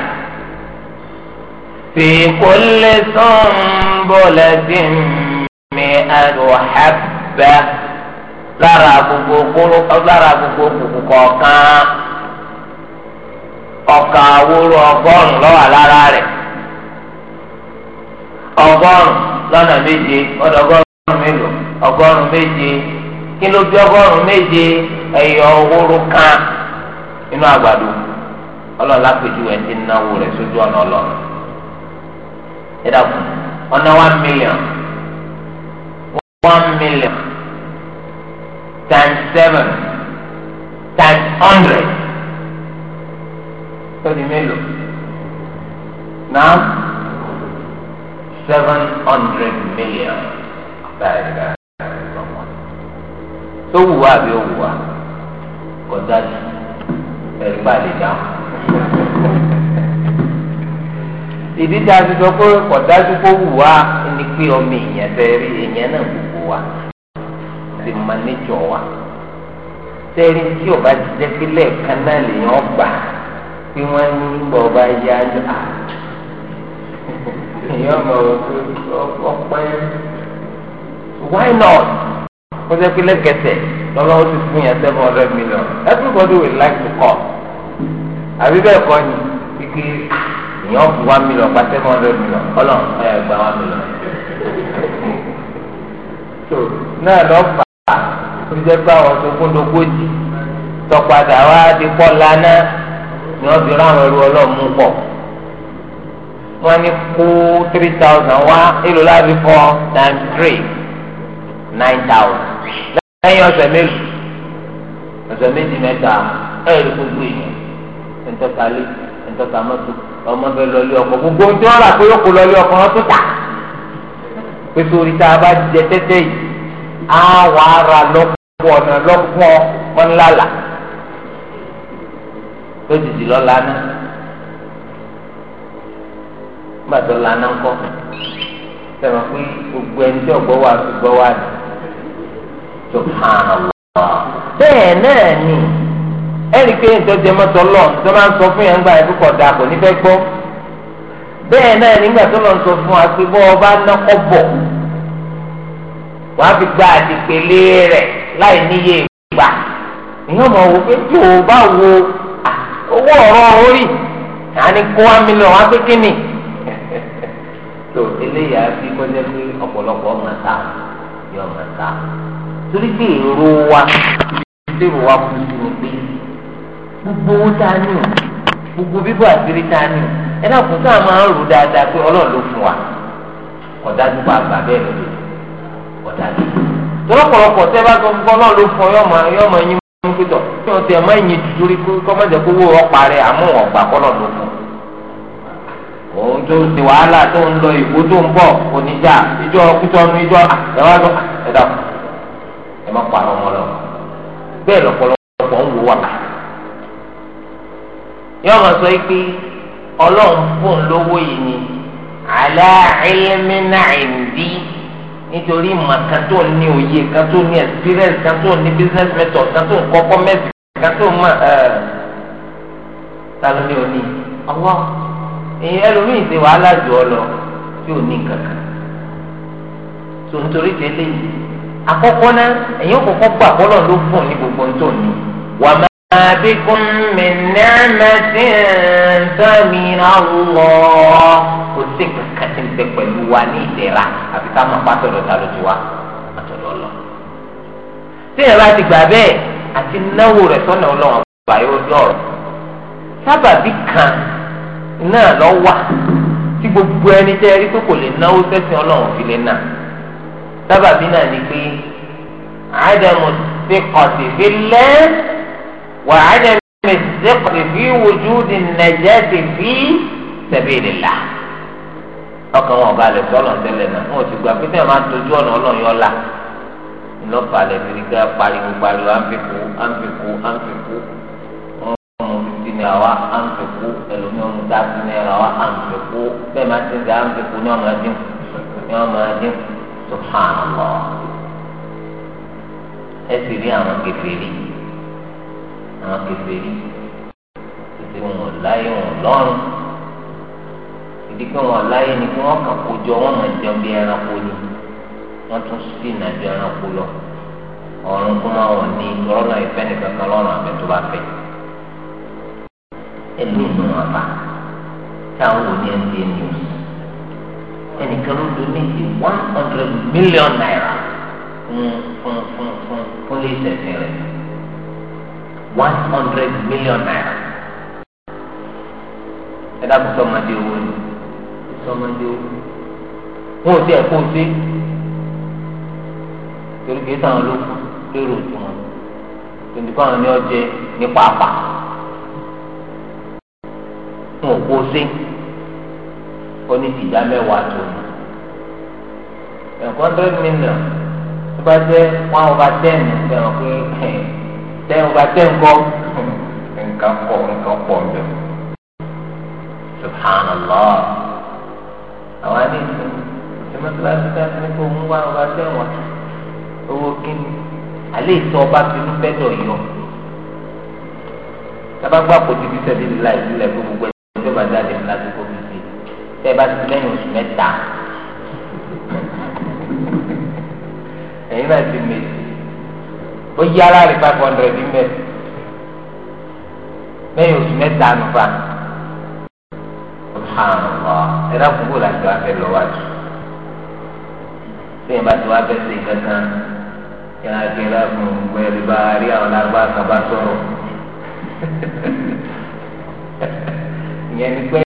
fi kulli sunbulatin mi'atu di lára gbogbo kóró lára gbogbo kùkù kọ̀ọ̀kan ọ̀kà àwòrò ọgọ́rùn-ún ló wà kí ló bí ọgọ́rùn-ún méje ẹ̀yọ̀ òwúrú kan nínú àgbàdo ọlọ́run lápẹ̀jù ẹ̀ ti náwó rẹ̀ sójú ọ̀nà ọlọ́run ẹ dàkún ọ̀nà one million one million times seven times hundred tó di mélòó náà seven hundred million báyìí báyìí. tó wù wá àbí òwù wá kọjá sí ẹ̀rí bá ìdí tí a ti sọ pé kó wù wá ni pé ọmọ èèyàn èèyàn náà gbogbo wa ti ma níjọ wa sẹ́rí tí ọba ti jẹ́ pé lẹ́ẹ̀kan náà lèèyàn gbà wọ́n ń gbọ́ ọba yá èèyàn kọjá pé lẹ́kẹsẹ̀ lọ́lọ́wọ́ ti fún yẹn seven hundred million everybody will like to come àbí bẹ́ẹ̀ kọ́ ni kíkí èèyàn fún one million pa seven hundred million ọlọ́run ẹ̀ gba one million. so náà lọ fà á ó jẹ́ pé àwọn sokúndógójì tọpadà wá di pọ́ lánàá ni wọ́n fi ráwọn ẹrú ọlọ́mú pọ̀ wọ́n ní kó three thousand wá èlò láti fọ́ times three nine thousand lẹ́yìn ọ̀sẹ̀ mélòó ọ̀sẹ̀ méjì mẹ́ta ẹ̀rí gbogbo èèyàn ẹ̀ńtọ́talé ẹ̀ńtọ́tamọ́tò ọmọ bẹ lọlé ọkọ gbogbo ohun tí wọ́n rà pé yóò kó lọlé ọkọ wọn tó tà pé torí tá a bá jẹ tẹ́tẹ́ yìí á wà á ra lọ́pọ̀ ọ̀nà lọ́pọ̀ ọ̀nlàlà lójijì lọ́la náà gbàdọ̀ lana ńkọ́ sẹ́wọ̀n pé gbogbo ẹni tí ọ̀gbọ́ wa ti gbọ́ wa ni. subhanallah bẹ́ẹ̀ náà ni ẹnì pé ń tọ́jú ẹmọ́tọ́ lọ tó máa ń sọ fún yẹn ń gba ẹ̀ púpọ̀ dà kò ní gbọ́ bẹ́ẹ̀ náà nígbà tó lọ sọ fún wa ọba ná ọbọ̀ wàá fi gba rẹ̀ láì níye ìgbà wò pé wo owó ọ̀rọ̀ orí àní kó wá mílíọ̀nù wá pé kíni tó eléyàá fi kọjá pé ọ̀pọ̀lọpọ̀ ọmọ torí pé èrò wa ìdílé wa kú ní pé gbogbo owó tá a ní o gbogbo bíbọ àṣírí tá a ní o ẹ náà kún sáà máa ń rò dáadáa pé ọlọ́run ló fún wa ọ̀dájú pa àgbà bẹ́ẹ̀ lọ́dẹ ọ̀dájú. tọ́lọ́pọ̀lọpọ̀ tẹ́ bá sọ fún ọlọ́run ló fún ọ yọ ọmọ yín mú pítọ̀ kí wọ́n ti ẹ̀ máa yin lórí kọ́mọ̀jẹ̀ kó wó ọ̀pá rẹ̀ àmọ́ ọ̀gbà kọ́lọ̀ ló fún òun tó ti wàhálà tó ń lọ ìbò tó ń bọ̀ oníjà ìjọ kútọ́nu ìjọ ẹ̀wá tó ẹ̀dá kù má parọ́ ọmọ lọ bẹ́ẹ̀ lọ́pọ̀lọpọ̀ ń wo wà ká yóò máa sọ pé ọlọ́run fún lówó yìí ni àlá ẹlẹ́mínà ẹ̀ǹdí nítorí màkà tó ní òye kan tó ní experience kan tó ní business method kan tó ń kọ́kọ́ mẹ́sì kan tó ń mọ̀ ta ló ní òní ọwọ́ èyí ẹlòmíì ṣe wàhálà jù ọ lọ tí ò ní kankan tó ń torí yìí àkọ́kọ́ náà ẹ̀yin kọ́kọ́ gbà bọ́lọ̀ ló fún ní gbogbo ntọ́ ni wà má bikum min ni'matin fa min Allah kò sí kankan tí ń bẹ pẹ̀lú wa ní ìlera àfi ká máa pàtó lọ́ta lójú wa pàtó lọ́lọ́. tí ìyẹn bá ti gbà bẹ́ẹ̀ àti náwó rẹ̀ sọ́nà ọlọ́run àgbà yóò dọ̀rọ̀ sábàbí kan náà lọ wà tí gbogbo ẹni tẹ́ rí pé kò lè náwó sẹ́sìn ọlọ́run fi lè náà sábàbí náà ni pé àádẹ́mu ti kọ̀tì fi lẹ́ wà àádẹ́mu ti kọ̀tì fi wojú di nàìjẹ́ ti fi sabilillah ọkàn wọn ọba lè sọlọ tẹ́lẹ̀ náà wọn ò ti gba pété máa tójú ọ̀nà ọlọ́yọ̀ la iná balẹ̀ fi ká pariwo pariwo àǹfikù àǹfikù àǹfikù wọn mú fifty naira wa àǹfikù ẹlòmíràn mú thirty naira bẹ́ẹ̀ máa ti ń sẹ́ àǹfikù ní ọmọ ẹdín ní ọmọ ẹdín subhanallah ẹ sì rí àwọn kèfèrí àwọn kèfèrí títí wọn láyé wọn lọ́rùn ìdí pé wọn láyé ni pé wọn kàn kójọ wọn máa jẹun bí ẹranko ni wọn tún sí ìnàjọ ẹranko lọ ọrùn kó máa wọn ní lọ́nà ìfẹ́ nìkan kan lọ́nà àbẹ tó bá ìnú wọn bá táwọn ò ní ẹni ẹni òsì ẹnìkan ló lò ní one hundred million naira fún fún fún fún fún lè rẹ̀ one hundred million naira. ẹ dákun sọmọdé owó ni sọmọdé owó wọn ò tí ẹ kó sí torí kìí sàn ló lérò tó wọn tòǹdì fáwọn ni ọ jẹ ní pàápàá wọn ò kó kọ́ni tìjà mẹ́wàá tó ní hundred million tó bá jẹ́ one over ten fẹ́ràn pé ten over ten kọ́ nǹkan pọ̀ nǹkan pọ̀ ń bẹ̀ subhanallah àwọn àdéhùn ṣe mọ́tíláṣí káṣí ní kó ń wá over ten wá owó kíni àlẹ́ ìtọ́ ọba bínú bẹ́tọ̀ yọ tábàgbà kò ti fi sẹ́bi láì tẹ́ bá ti lẹ́yìn oṣù mẹ́ta ẹ̀yin náà ti mèsì ó yí aláàrí five hundred mbẹ lẹ́yìn oṣù mẹ́ta nufa ọ̀hánwá ẹ̀rá kúkú la ti wá fẹ́ lọ wájú sẹ́yìn bá ti wá fẹ́ ṣe kankan kí wọ́n á gbé ẹ̀rá fún gbẹ̀rẹ̀ bá rí àwọn lágbá kan bá ìyẹn ni pé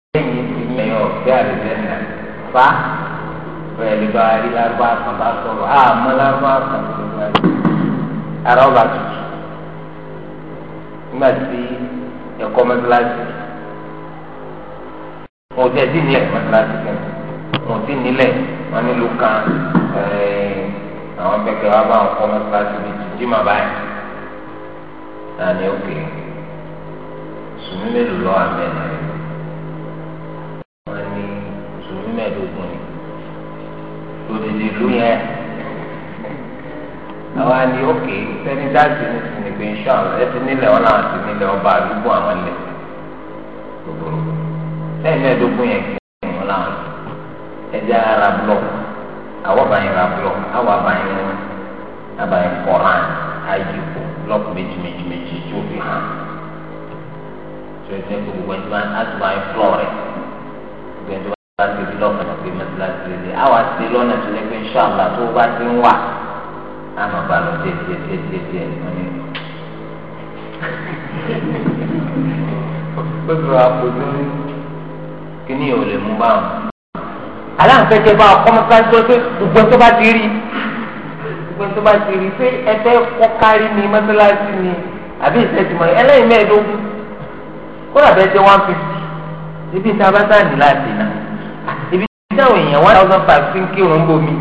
ọ̀gá àlùjẹ́nà fa pẹ̀lú bá rí lárúbá kan bá sọ̀rọ̀ á mọ lárúbá kan tó bá rí ara ọba tutù nígbà tí ẹ̀kọ́ mẹ́tíláṣí wọn ò tẹ́ sí nílẹ̀ mẹ́tíláṣí kan wọn ò sí nílẹ̀ wọn nílùú kan àwọn pẹ̀kẹ́ wa bá wọn kọ́ mẹ́tíláṣí bíi jìjì má báyìí náà ni ó kéré sùnmí mélòó lọ́wọ́ àmì ẹ̀ náà mẹ́ẹ̀ẹ́dógún ni òdìdí ìlú yẹn àwa ni òkè sẹ́ni dáàtì ní sinmi pé ń ṣọ́ àwọn ẹtì nílẹ̀ wọn làwọn ti nílẹ̀ ọba àdúgbò àwọn ilẹ̀ gbogbo sẹ́ni mẹ́ẹ̀ẹ́dógún yẹn kì í wọn làwọn ẹja ara blọọkù àwọn abayin ra blọọkù àwọn abayin wọn abayin kọ̀ọ̀rán ayípo blọọkù méjì méjì méjì tí ó fi hàn tí ó ti ń kó gbogbo ẹni tí wọn á ti máa ń flọ̀ rẹ̀ gbogbo ẹni tí wọn bá ti di lọ́kàn náà pé mẹ́tíláṣí lè dé àwa ti lọ́nà tó lẹ́gbẹ́ ṣáàlà tó bá ti ń wà àmọ́ bá lọ dé díẹ̀ díẹ̀ díẹ̀ díẹ̀ wọn ni. ó sọ àpòtò kíní ò lè mú báwọn. aláǹfẹ̀jẹ̀ bá ọkọ mọ́tàlá tó gbogbo tó bá ti rí gbogbo tó bá ti rí pé ẹgbẹ́ kọ́ kárí ni mẹ́tíláṣí ni àbí ìṣẹ́jùmọ̀ ẹlẹ́yìn mẹ́ẹ̀ẹ́dógún kó dàbẹ́ jẹ́ one fifty ibi tí a bá sáà ní láti náà táwọn èèyàn one thousand five sí ń kírun bomi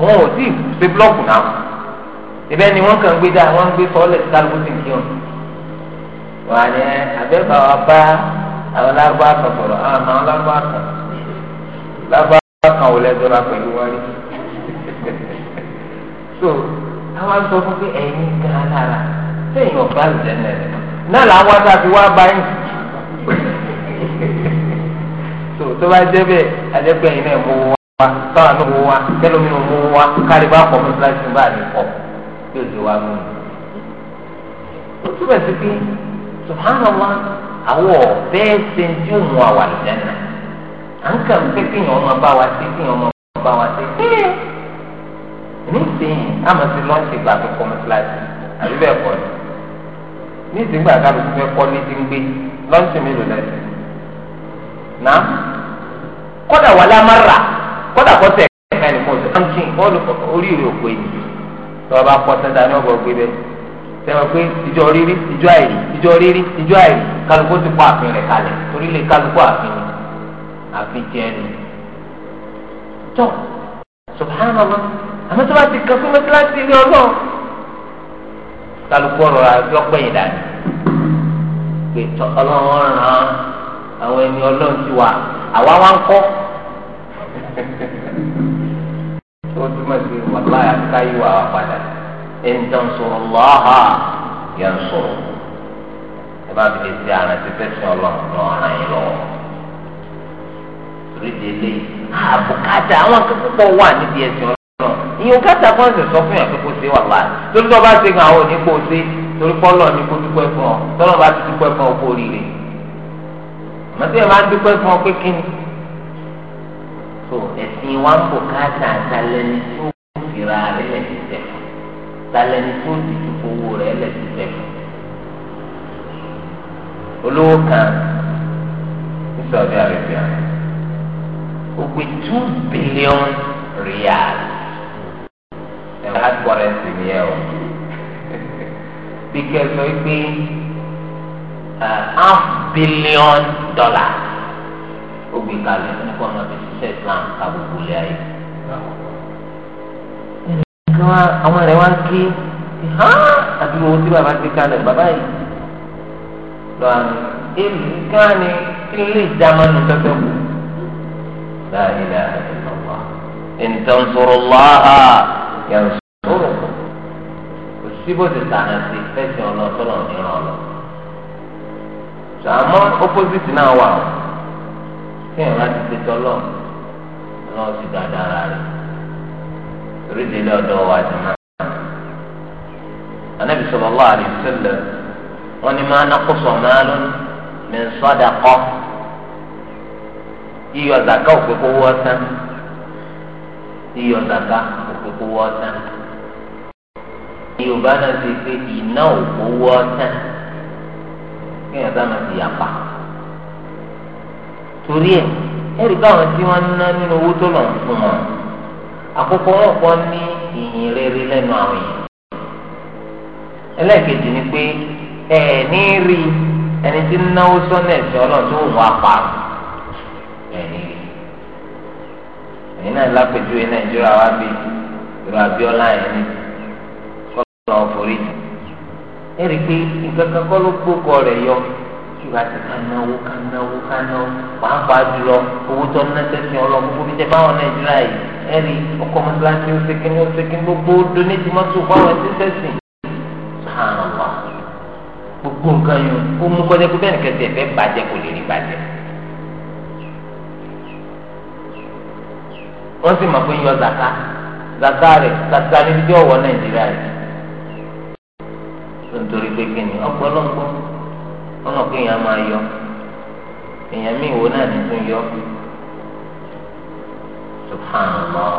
wọn ò tí ì ṣe búlọ́ọ̀kù náà ibẹ̀ ni wọ́n kàn gbé dá wọ́n gbé sọ́ọ́lẹ̀ kálukú sí kírun wà á ní abẹ́bà wa bá àwọn lárúbá kan sọ̀rọ̀ ah, àwọn lárúbá kan lárúbá kan ò lẹ́jọ́ la pẹ̀lú wọn so àwọn sọ fún pé ẹ̀yin gan lára sẹ́yìn ọ̀bá ìjẹ́nẹ̀rẹ̀ náà làwọn aṣáájú wa bá yín. tó bá jẹ́ bẹ́ẹ̀ àjẹpẹ́yìn náà mú wa táwọn náà mú wa kẹlómi náà mú wa kárí bá pọ̀ mọ́ síláṣí bá mi pọ̀ bí òjò wa mú mi. ó túbọ̀ sí pé subhanallah àwọn ọ̀bẹ́ ṣe ń tí òun àwà lẹ́nà à ń kàn pé kéèyàn ọmọ bá wa sí kéèyàn ọmọ bá wa sí. nísìnyí àmọ́ sí lọ́ọ̀ṣì gbà pé pọ̀ mọ́ síláṣí àbí bẹ́ẹ̀ kọ́ ni nísìnyí gbà ká ló fẹ́ kọ́ ní ti ń gbé lọ́ọ̀ṣì mélòó lẹ́sìn náà kọ́dà wà lámàrà kọ́dà kọ́sẹ̀ ẹ̀ka nìkan ọ̀sẹ̀ kankin orí rẹ̀ òkú ẹ̀yìn tọ́wọ́ bá pọ̀ sẹ́ńtà ní ọgbọ̀n gbé bẹ́ẹ̀ sẹ́wọ̀n pé ìjọ rírí ìjọ àìrí ìjọ rírí ìjọ àìrí kálukú ti kọ́ àfin rẹ̀ kalẹ̀ torí lè kálukú àfin àfin jẹ́ ẹnu. tó subhanallah àmọ́ tó bá ti kàn fún mẹ́tíláṣí ilé ọlọ́run kálukú ọ̀rọ̀ àjọpẹ́ yìí dání pé ọlọ́run ràn án àwọn ẹni ọlọ́run ti wà àwa wá ń kọ́ tó túmọ̀ sí wàlá àkáyé wà wá padà ẹnìtàn sọ̀rọ̀ lọ́ha yẹn sọ̀rọ̀ ẹ bá fi lè ṣe àrùn àti fẹ́sẹ̀ ọlọ́run náà ràn yín lọ́wọ́ torí di eléyìí àbùkátà àwọn akẹ́kọ̀ọ́ pọ̀ wà nídìí ẹ̀sìn ọlọ́run ìyẹn kátà kan sì sọ fún yàn pé kò sí wàlá torí tó bá ṣe gan àwọn òní kò sí torí pọ́lọ̀ ní kó dúpẹ́ fún ọ tọ́lọ́ bá ti dúpẹ́ fún ọ kó rí rè mọ̀tí ẹ̀ máa dúpẹ́ fún ọ pé kíni tó ẹ̀sìn wa ń bò káàtà talẹ́ni tó fira rẹ̀ lẹ́sí tẹ̀ fún talẹ́ni tó dìtú owó rẹ̀ lẹ́sí tẹ̀ fún. olówó kan ní Saudi Arabia ó gbé two billion riyal ẹ̀rọ hard currency ni ẹ o bí kẹsàn-án gbé uh, half billion dollars ó gbé kalẹ̀ ní kọ́nà bíi ṣe Islam ká gbogbo ilé ayé. ẹnìkan wa àwọn rẹ̀ wá ń ké àdúgbò owó tí bàbá ti kalẹ̀ bàbá yìí lọ àná èmi kan ni kí n lè já máa nù pẹ́pẹ́ kù. láàyè láàyè lọ́wọ́ ìntàn sọ̀rọ̀ lọ́ha yẹn sọ̀rọ̀ kò sí bó ti tànà sí fẹ́sẹ̀ ọlọ́sọ̀rọ̀ nìran lọ. sàmọ́ opposite náà wà ó kí n rántí ti tọ́lọ́ náà ti gbà dára rẹ̀ torí délé ọ̀dọ̀ wa ti má. anabi sallallahu alaihi wasallam wọn ni máa nàkóso màálùn min sadaqa iyọ zaka òpè kówó ọsán iyọ zaka òpè kówó ọsán yorùbá náà ti pé iná òkòwò ọsán kéèyàn sábà ti yàpá torí ẹ̀ ẹ̀rí káwọn tí wọ́n ná nínú owó tó lọ́n fún wọn àkókò wọn kọ́ ní ìyìn rere lẹ́nu àwọn èèyàn ẹlẹ́ẹ̀kejì ni pé ẹ̀ ní rí ẹni tí ń náwó sọ́nà ẹ̀sẹ̀ ọlọ́run tó wù wá pa ẹ̀ ní rí ẹ̀yin náà lápẹ̀jùwe nàìjíríà wá bí ìrọ̀ abíọ́lá yẹn ní kọ́lọ́ ọ̀fọ̀rí ẹ̀rí pé nǹkan kọ́ ló gbókọ̀ rẹ̀ yọ tí o bá ti ká náwó ká náwó ká náwó wàá fà á jùlọ owó tó ń nẹ́sẹ̀ sí ọlọ́ gbogbo bí tẹ báwọn nàìjíríà yìí ẹ̀rí ọkọ̀ mọ́sálásí ó ṣe kíní ó ṣe kíní gbogbo donate mọ́tò báwọn ti sẹ́sìn. sàrànwá gbogbo nǹkan yìí ó mú kọjá pé bẹ́ẹ̀ nìkẹ́sì ẹ̀fẹ́ bàjẹ́ kò lè rí bàjẹ́. wọ́n sì mọ̀ pé yọ zaka zaka rẹ̀ zaka níbi tí ọ̀wọ́ nàìjíríà yìí. nítorí pé kíni ọ̀pọ̀lọpọ̀ ọmọ pé èèyàn máa yọ èèyàn míì wo náà nìtún yọ subhanallah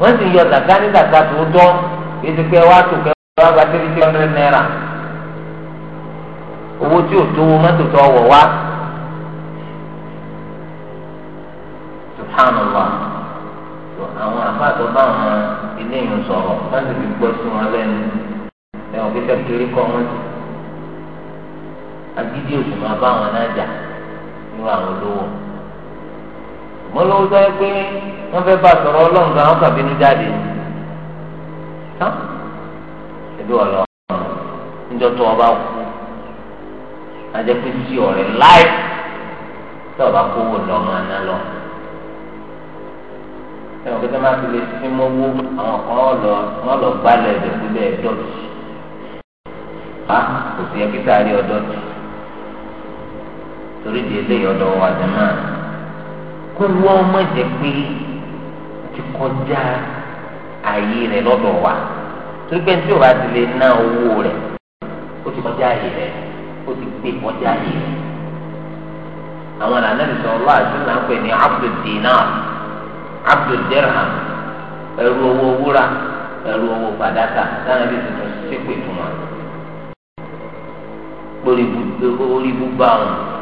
wọ́n sì yọ zaka ní zaka tó tọ́ pé wá tó gba naira owó tí ò tó mọ́tò tó wọ̀ wá subhanallah tó àwọn àfáàtọ̀ bá wọn eléyìí sọ̀rọ̀ wọ́n sì fi gbọ́ sí wọn lẹ́nu kiri agídí òsì máa bá àwọn náà jà nínú àwọn olówó wọn lówó sọ pé wọn fẹẹ bá sọ̀rọ̀ Ọlọ́run gan àwọn kàbínú jáde tán ẹbí wọn lọ níjọ tó ọba kú ajẹ pé sí ọ̀rẹ́ láì tó ọba kówó lọ ọmọ àná lọ ẹnì kí sẹ́mi àti lè fi mọ́wó àwọn kan lọ wọn lọ gbalẹ̀ ẹ̀dẹ̀kúlẹ̀ ẹ̀dọ́tì a kò sí ẹ kí sáré ọdọ́tì torí di eléyìí ọ̀dọ̀ wa jẹmọ kó wọn má jẹ pé ti kọjá ààyè rẹ lọ́dọ̀ wa torí pé tí o bá ti lè ná owó rẹ ó ti kọjá ààyè rẹ ó ti gbé kọjá ààyè rẹ àwọn àlànàbì sọ ọlọ àti náà pè ní abdul dinar abdul dirham ẹrú owó wúrà ẹrú owó fàdákà sáà bí tuntun ṣépè fún wa lórí gbogbo àwọn.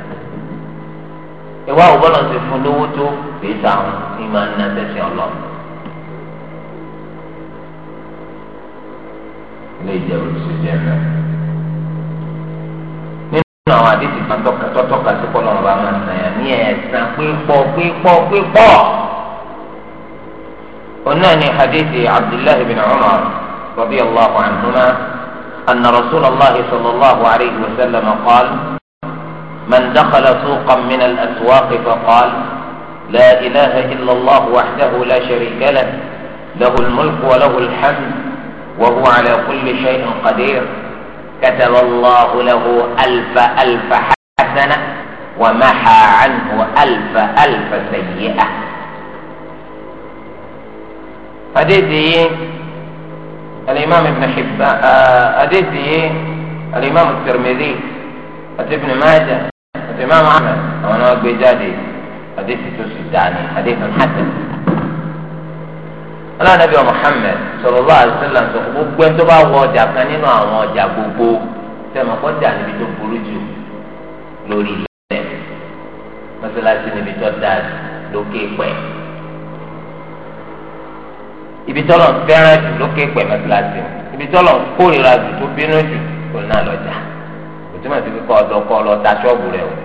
ìwà òbọ̀nà ti fún lówó tó kìí sàrùn ní máa ń ná sẹ́sìn ọlọ́run. ilé ìjẹun ti jẹ mẹ. nínú àwọn àdéhùn kan tọ́tọ́ka sí pọ́lọ́ ọba máa ń sàyà ní ẹ̀sán pípọ̀ pípọ̀ pípọ̀. onáà ni àdéhùn abdullahi bin umar radiyallahu anhuma anna rasulallah sallallahu alayhi wa sallam qaal. من دخل سوقا من الأسواق فقال لا إله إلا الله وحده لا شريك له له الملك وله الحمد وهو على كل شيء قدير كتب الله له ألف ألف حسنة ومحى عنه ألف ألف سيئة هذه الإمام ابن حبان هذه آه، الإمام الترمذي ابن ماجه imam ahmed àwọn náà gbé jáde àdéhùn tó sì dání àdéhùn hasan ọlọ́nàbí muhammed sallallahu alaihi wasallam sọ gbogbo ẹni tó bá wọ ọjà kan nínú àwọn ọjà gbogbo tẹ̀mọ̀ kọ́ jà níbi tó burú jù lórí ilẹ̀ mọ́sálásí níbi tó dáa lókè pẹ̀ ibi tọ́lọ̀ ń fẹ́ràn jù lókè pẹ̀ mọ́sálásí ibi tọ́lọ̀ ń kórìíra jù tó bínú jù kò náà lọ́jà òtún mọ̀ sí kíkọ́ ọ̀dọ́ kọ́ ọ lọ ta ṣọ́ọ̀bù rẹ̀ o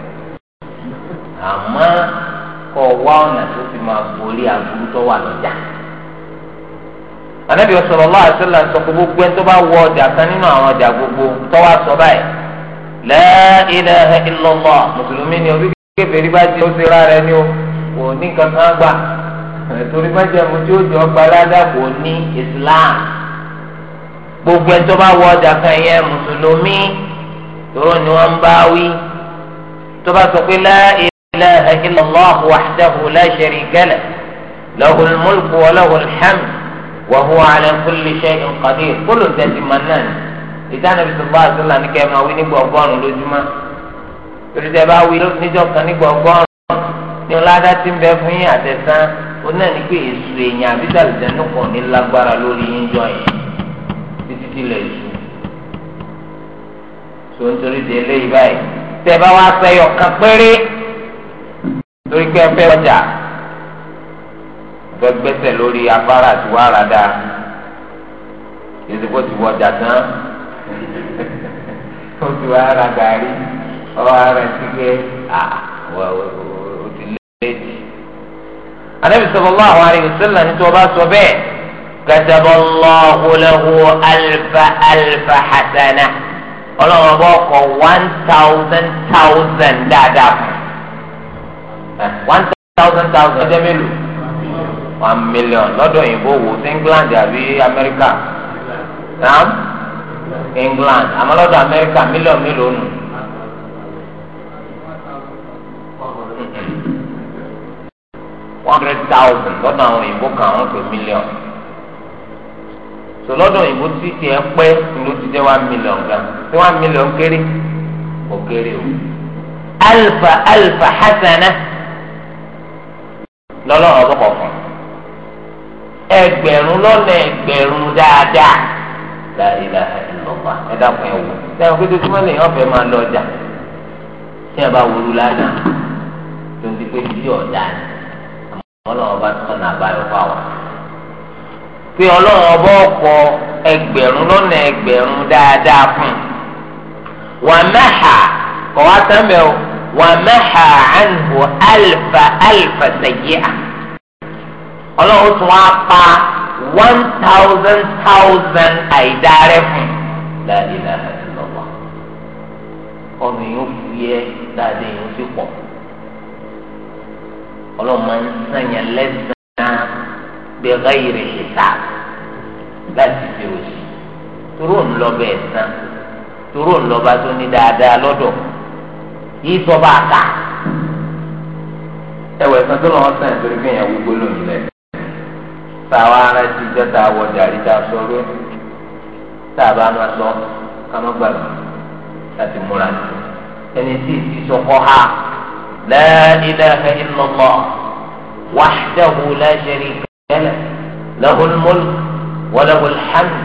àmọ́ kọ́ wá ọ̀nà tó fi máa borí aburú tó wà lọ́jà. Ànábì sallallahu alaihi wasallam sọ pé gbogbo ẹni tó bá wọ ọjà kan nínú àwọn ọjà gbogbo tó wá sọ báyìí la ilaha illallah mùsùlùmí ni orí kébèrè bá jẹ́ ó ṣe ra rẹ ni ó kò ní kankan gbà torí bá jẹ́ mo tí ó jọ ọgbà ládàá kò ní Islam gbogbo ẹni tó bá wọ ọjà kan yẹn mùsùlùmí tòró ni wọ́n ń bá wí tó bá sọ pé la إله إلا الله وحده لا شريك له له الملك وله الحمد وهو على كل شيء قدير كل ذات منان إذا النبي صلى الله عليه وسلم كما وين بأبوان لجمع يريد أباوي نجو كان بأبوان نولادا تنبفين أتسان onáà ní pé èso èèyàn àbí sàlùjẹnu kan ní lágbára lórí yíjọ yẹn títí tí lè sùn tó ń torí pé ẹfẹ ọjà fẹ gbẹ́sẹ̀ lórí afárá àti wàrà dá yòtòkó ti wọ tán ó ti gàrí ọ ara sígẹ ó ti lé èdè. anabi sallallahu alaihi wasallam ní tí wọn bá sọ bẹ́ẹ̀ kataballahu lahu alfa alfa hasana ọlọ́run ọba ọkọ̀ one thousand thousand dáadáa one thousand thousand one million lọ́dọ̀ òyìnbó wo sí England àbí America ram England àmọ́ lọ́dọ̀ America million mélòó nù. one hundred thousand lọ́dọ̀ àwọn òyìnbó kan àwọn million. So tòlọ́dọ̀ òyìnbó tí tiẹ̀ pẹ́ ló ti jẹ́ one million gan tí one million kéré kò kéré o. alfa alfa hasana lọ́lọ́run ọ̀bọ̀ kọ̀ọ̀kan ẹgbẹ̀rún lọ́nà ẹgbẹ̀rún dáadáa la ilaha illallah ẹ dákun ẹ wò sẹ́wọ̀n pé tuntun mọ́lẹ̀ yẹn ọ̀fẹ́ máa lọ ọjà tí a bá wúru lánàá tó ti pé bí ọ̀dà àmọ́ ọlọ́run ọba tọ́nà àbáyọ fáwọn pé ọlọ́run ọba ọ̀pọ̀ ẹgbẹ̀rún lọ́nà ẹgbẹ̀rún dáadáa fún un wàmáhà kọ̀wá sẹ́mẹ̀ o. ومحى عنه ألف ألف سيئة ọlọ́run tún wá pa one thousand thousand àìdáre fún la ilaha illallah ọmọ èèyàn fi yẹ dáadé èèyàn fi pọ̀ ọlọ́run máa ń sànyà lẹ́sàn-án bí ghayri hisab láti fi òsì tóró ńlọbẹ̀ ẹ̀sán tóró ńlọba tó ní dáadáa lọ́dọ̀ yìí sọ bá a kà ẹwẹ san tó lọ́wọ́ sàn torí pé èèyàn gbogbo lòun lẹ̀ tá a wá ara ti jẹ́ tá a wọ jàrí tá a sọ lónìí tá a bá máa sọ ká má gbàgbọ́ láti múra ní ẹni tí ìdí sọkọ ha la ilaha illallah wahdahu la sharika lahu lahul mulk wa lahul hamd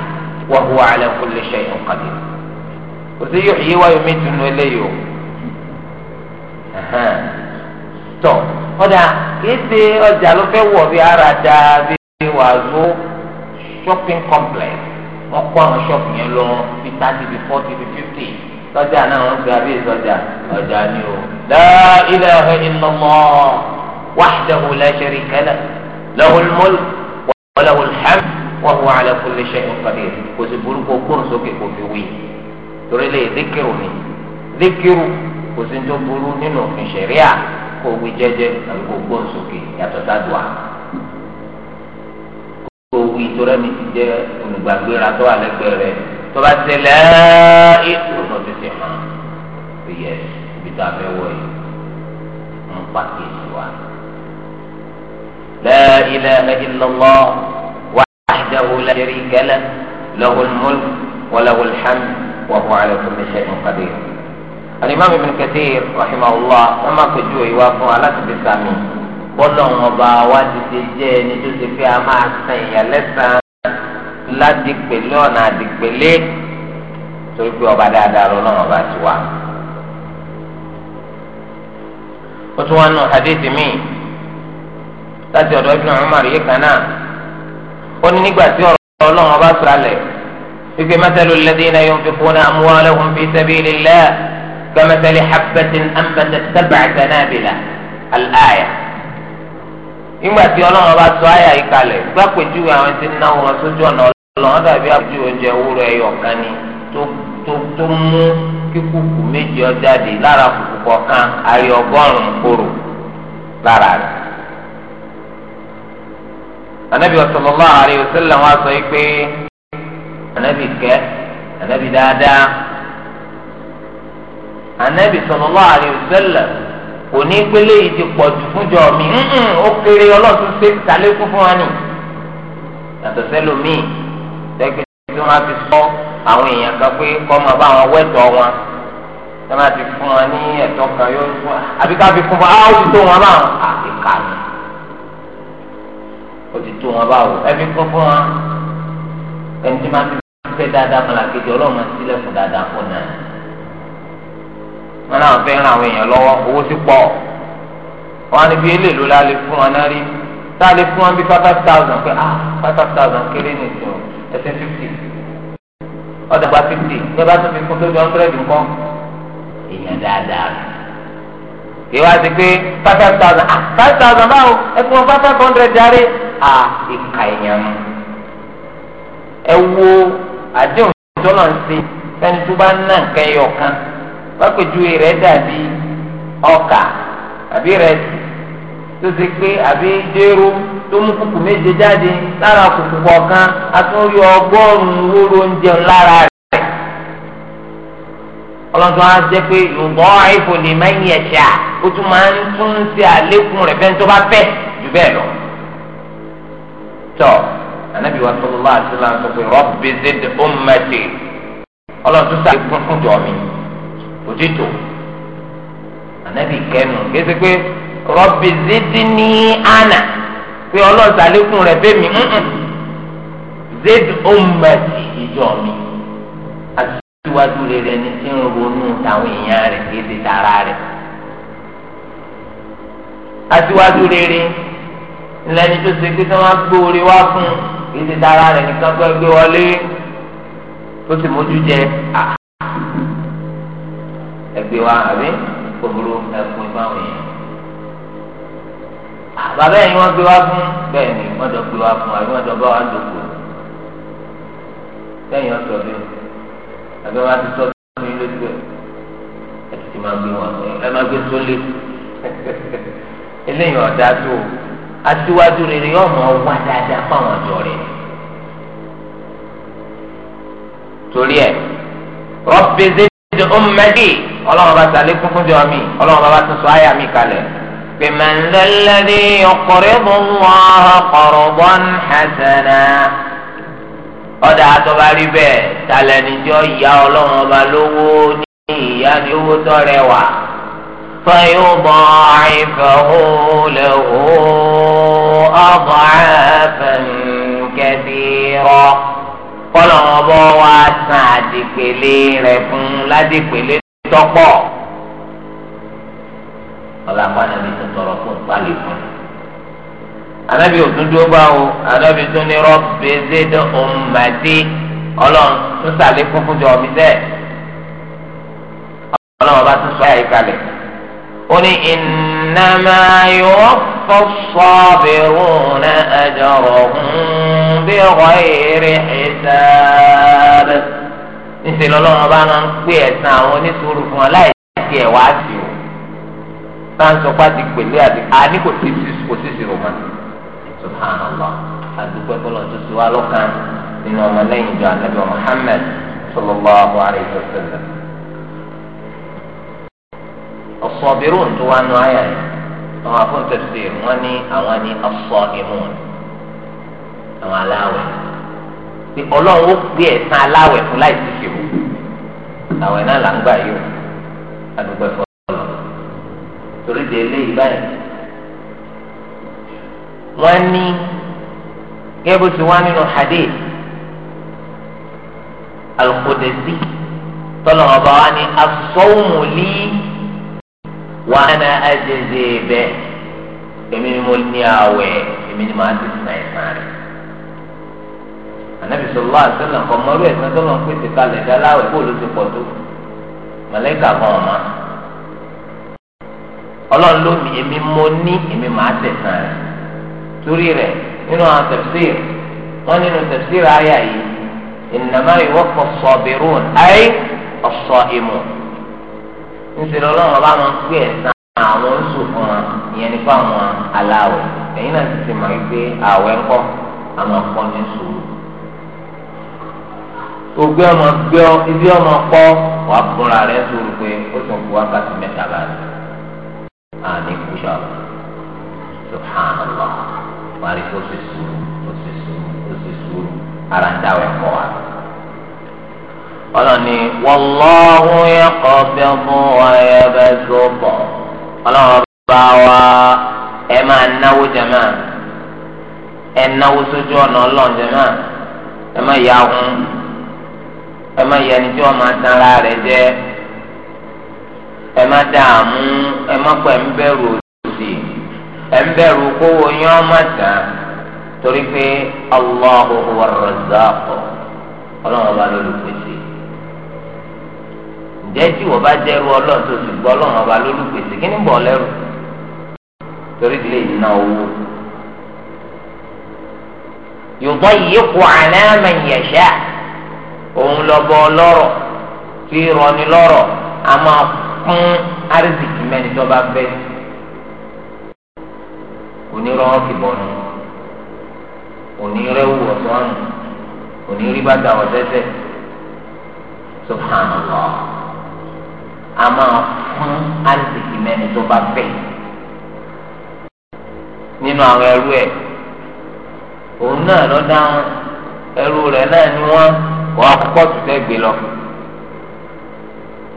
wa huwa ala kulli shay'in qadir kò sí yóò yí wáyé mi tunu eléyìí o tọ ọdà kìí ṣe ọjà ló fẹ́ wọ̀ bí ara da bí wàzó shopping complex wọ́n kó àwọn ṣọ́ọ̀bù yẹn lọ bí thirty bí forty bí fifty sọjà náà wọ́n gba bí sọjà ọjà ni o. la ilaha illallah wahdahu la sharika lahu lahul mulk wa lahul hamd wa huwa kò sí burúkú kúrò sókè kò fi wí torí lè zikiru ni zikiru kò sí tó burú nínú òfin ṣẹ̀ríà kó wí jẹ́jẹ́ àbí kó gbóhùn sókè yàtọ̀ sádùá kó wí torí ẹni ti jẹ́ olùgbàgbéra tó wà lẹ́gbẹ̀ẹ́ rẹ̀ tó bá ti lẹ́ẹ̀ ètò náà tètè hàn pé yẹ ibi tá a wọ̀ yìí ń pàkíyèsí wa. لا إله إلا الله وحده لا شريك له له الملك وله الحمد وهو على كل شيء قدير alimami ibn kathir rahimahullah wọn máa pèjú ìwà fún aláṣẹbí sami bọ́lá wọn bá wá dìde jẹ́ ẹni tó ti fi a máa san ìyàlẹ́sàn ládìpẹ̀lẹ́ ọ̀nà àdìpẹ̀lẹ́ torí pé ọba dáadáa lọ náà ọba ti wá. ó tún wá nù hadith mi láti ọ̀dọ̀ ibn umar yìí kan náà ó ní nígbà tí ọ̀rọ̀ ọlọ́run ọba sọ alẹ̀ wípé mẹ́tẹ́lú lẹ́dínlẹ́yìn fi kún ní amúhálẹ́hùn fi sẹ́bí ilé lẹ́ẹ̀. كمثل حبة أنبتت سبع سنابل الآية nígbà tí ọlọ́run bá sọ àyà yìí kalẹ̀ gbàpèjúwe àwọn tí ń náwó wọn sójú ọ̀nà ọlọ́run dàbí àpèjúwe oúnjẹ ewúro ẹyọ kan ni tó mú kíkúkú méjì ọjáde lára kùkù kọ̀ọ̀kan ayé ọgọ́rùn-ún lára rẹ̀. anabi sallallahu alaihi wasallam sọ yìí pé anabi kẹ́ anabi dáadáa anabi sallallahu alaihi wasallam kò ní pélé yìí ti pọ̀ jù fúnjọ mi ó kéré ọlọ́run ṣe talékún fún wa nì yàtọ̀ sẹ́lómìn tẹ́gbẹ́ tí wọ́n ti sọ àwọn èèyàn kan pé kọ́ máa bá wọn wẹ́tọ̀ wọn tí wọ́n ti fún wọn ní ẹ̀tọ́ kan yóò fún wọn àbí ká fi fún wọn áwọ̀ ah, ti tó wọn báwọn àbíkà ni ó ti tó wọn báwọn ẹbí kún fún wọn ẹni tí wọ́n ti fẹ́ dáadáa fún làkejì ọlọ́run ti lẹ́kùn dáadáa fún náà wọn náà fẹ́ ran àwọn èèyàn lọ́wọ́ owó ti pọ̀ wọn ni bí eléèlú la lè fún wọn náà rí tá a lè fún wọn bí five thousand pé ah five thousand kéré ní ìsìn ẹsẹ̀ fifty ọ̀dà gba fifty ní bá tún fi kún tó di hundred nǹkan èèyàn dáadáa ìwà ti pé five thousand ah five thousand báwo ẹ fún wọn five hundred járe ah ìka èèyàn mu ẹ wo àdéhùn tó lọ ń ṣe tó bá ná nǹkan ẹyọ kan pápẹ́jùwe rẹ̀ dàbí ọkà àbí rẹsì tó ti pé àbí dérú tó mú kùkù méje jáde lára kùkù kọ̀ọ̀kan a tún rí ọgọ́rùn-ún wóró oúnjẹ lára rẹ̀ ọlọ́dún á jẹ́ pé yorùbá àìfò lè má yẹ ṣá ó tún máa ń tún ṣe àlékún rẹ̀ fẹ́ni tó bá fẹ́ jù bẹ́ẹ̀ lọ. tọ́ anabi wa sallallahu alaihi wasallam sọ pé rabbi zid ummati ọlọ́dún sàlékún fún jọ mi òtítọ́ ànábì kẹnu kéde pé rọ́bì zidni ànà pé ọlọ́sàlékún rẹ̀ bẹ́ẹ̀ mi zid ummati ìjọ mi aṣíwájú rere ni tí ń ronú táwọn èèyàn rẹ̀ kéde tara rẹ̀ aṣíwájú rere lẹni tó ṣe pé tí wọ́n gbé orí wá fún kéde tara rẹ̀ nìkan gbọ́ gbé wọlé tó sì mójú jẹ ah, gbé wa àbí gbogbo ẹkùn ìbáwọn èèyàn. bàbá yẹn wọ́n gbé wa fún bẹ́ẹ̀ ni wọ́n jọ gbé wa fún àbí wọ́n jọ bá wa dòkò. sẹ́yìn ọ̀sọ̀ bí àbí wọ́n ti sọ fún mi lójú ẹ̀ ẹ ti máa gbé wọn ẹ máa gbé sólé eléyìí ọ̀dà tó aṣíwájú rere yóò mọ̀ wá dáadáa fáwọn ọ̀dọ́ rẹ̀ torí ẹ̀. رب ti ummati ọlọ́run bá sàlẹ̀ kún fún jọ mi ọlọ́run bá bá tún sọ àyà mi kalẹ̀. man dhal ladhi yuqridu Allaha qardan hasana. ọ̀dà àtọ́ba rí bẹ́ẹ̀ talẹ̀ níjọ́ ìyá ọlọ́run ọba lówó ní ìyá ní owó tó rẹwà. fayudha'ifahu lahu ad'afan kathira kọ́lọ̀ wọn bọ́ wá san àdìpèlé rẹ̀ fún ládìpèlé tọ́pọ̀ ọ̀la pàdánù ìtọ̀tọ̀rọ̀ fún ìpàlẹ̀ fún un anabi òtúndúró bá wo anabi tó ní rọ́bì zédè ọ̀màdé ọlọ́run tó sàlẹ̀ kúkú jọ mi bẹ́ẹ̀ ọlọ́run bá tún sọ àyíkalẹ̀ ó ní iná. إنما يوفى الصابرون أجرهم بغير حساب níṣẹ́ lọ́lọ́run bá máa ń pè ẹ̀san àwọn onísùúrù fún ọ láì sí ẹ̀wá sí o bá ń sọ pé àti pèlú àti àní kò sí kò sí sí roma subhanallah àdúgbò ẹgbẹ́ tó ti wá lọ́kàn nínú ọmọlẹ́yìn ìjọ ànábì Muhammad sallallahu alayhi wa sallam as-sabirun tó wá nu àyà yìí àwọn afúntẹ̀sẹ̀ wọn ní àwọn ní as-sa'imun àwọn aláwẹ̀ pé ọlọ́run ó gbé ẹ̀sán aláwẹ̀ fún láì sí ìṣirò àwẹ̀ náà là ń gbà yìí o àdúgbò ẹ̀fọ́ lọ torí de eléyìí báyìí wọ́n ní gẹ́gẹ́ bó ti wá nínú hadith al-Qudsi tọ́lọ̀ ọba wa ní asọ́wùmù lìí wà á na àjẹjẹ bẹ èmi ni mo ní àwẹ̀ èmi ni màá ti sìn àìsàn rẹ anabi sọlá àtẹnà kọ mọlú ẹsẹ̀ tọlọ ń pèsè kalẹ̀ dáláwẹ kó ló ti pọ̀ tó mọlẹka kan ọmọ Ọlọ́run ló mi èmi mo ní èmi màá tẹsán rẹ torí rẹ nínú àwọn tẹfsir wọn nínú tẹfsir ayà yìí ìnàmáyé wọ́pọ̀ sọ̀bìrún ayé ọ̀sọ̀ ìmọ̀ nítorí ọlọ́run ọba máa ń gbé ẹ̀sán àwọn oṣù fún wa ìyẹn ní fáwọn aláwẹ̀ ẹ̀yin náà ti ti mọ̀ wípé àwẹ̀ ńkọ́ àwọn ọ̀pọ̀ ní sùúrù. ògbé ọmọ gbé ọ ibi ọmọ pọ́ wà fúnra rẹ̀ sórí pé ó sì kú wákàtí mẹ́ta báyìí. àní kúṣọ subhanallah wàá rí kó ṣe sùúrù kó ṣe sùúrù kó ṣe sùúrù ara ń dáwẹ̀ pọ̀ wá. ọlọ́ni wọ́lọ́hu yẹ kọ́ bẹ́ fún ọ̀yẹ́ bẹ́ tó bọ̀ ọlọ́run bá wa ẹ máa náwó jẹ̀mọ́ ẹ náwó sójú ọ̀nà ọlọ́run jẹ̀mọ́ ẹ má yà hun ẹ má yẹ ẹni tí wọ́n máa tan ara rẹ̀ jẹ́ ẹ má dààmú ẹ má ń bẹ̀rù òsì ẹ ń bẹ̀rù kówó torí pé ọlọ́run bá pèsè. jẹ́ tí wọ́n bá jẹ́rú ọlọ́run tó sì gbọ́ ọlọ́run ọba lólùpèsè kí ni bọ̀ lẹ́rù torí ilé ìná owó. yorùbá yìí kú ànáàmà yẹ̀ṣá òun lọ́bọ ọlọ́rọ̀ tí ìrọ̀ni lọ́rọ̀ a máa fún àrísìkì mẹ́ni tó bá fẹ́. onírọ̀ kìbọ̀nù onírẹ́wù ọ̀sán onírìbàdà ọ̀sẹ̀sẹ̀ subhanallah a máa fún àǹtìkì mẹ́ni tó bá fẹ́ nínú àwọn ẹrú ẹ̀ òun náà lọ dáhùn ẹrú rẹ̀ náà ni wọ́n wọ́n akọ́kọ́ tó fẹ́ gbé lọ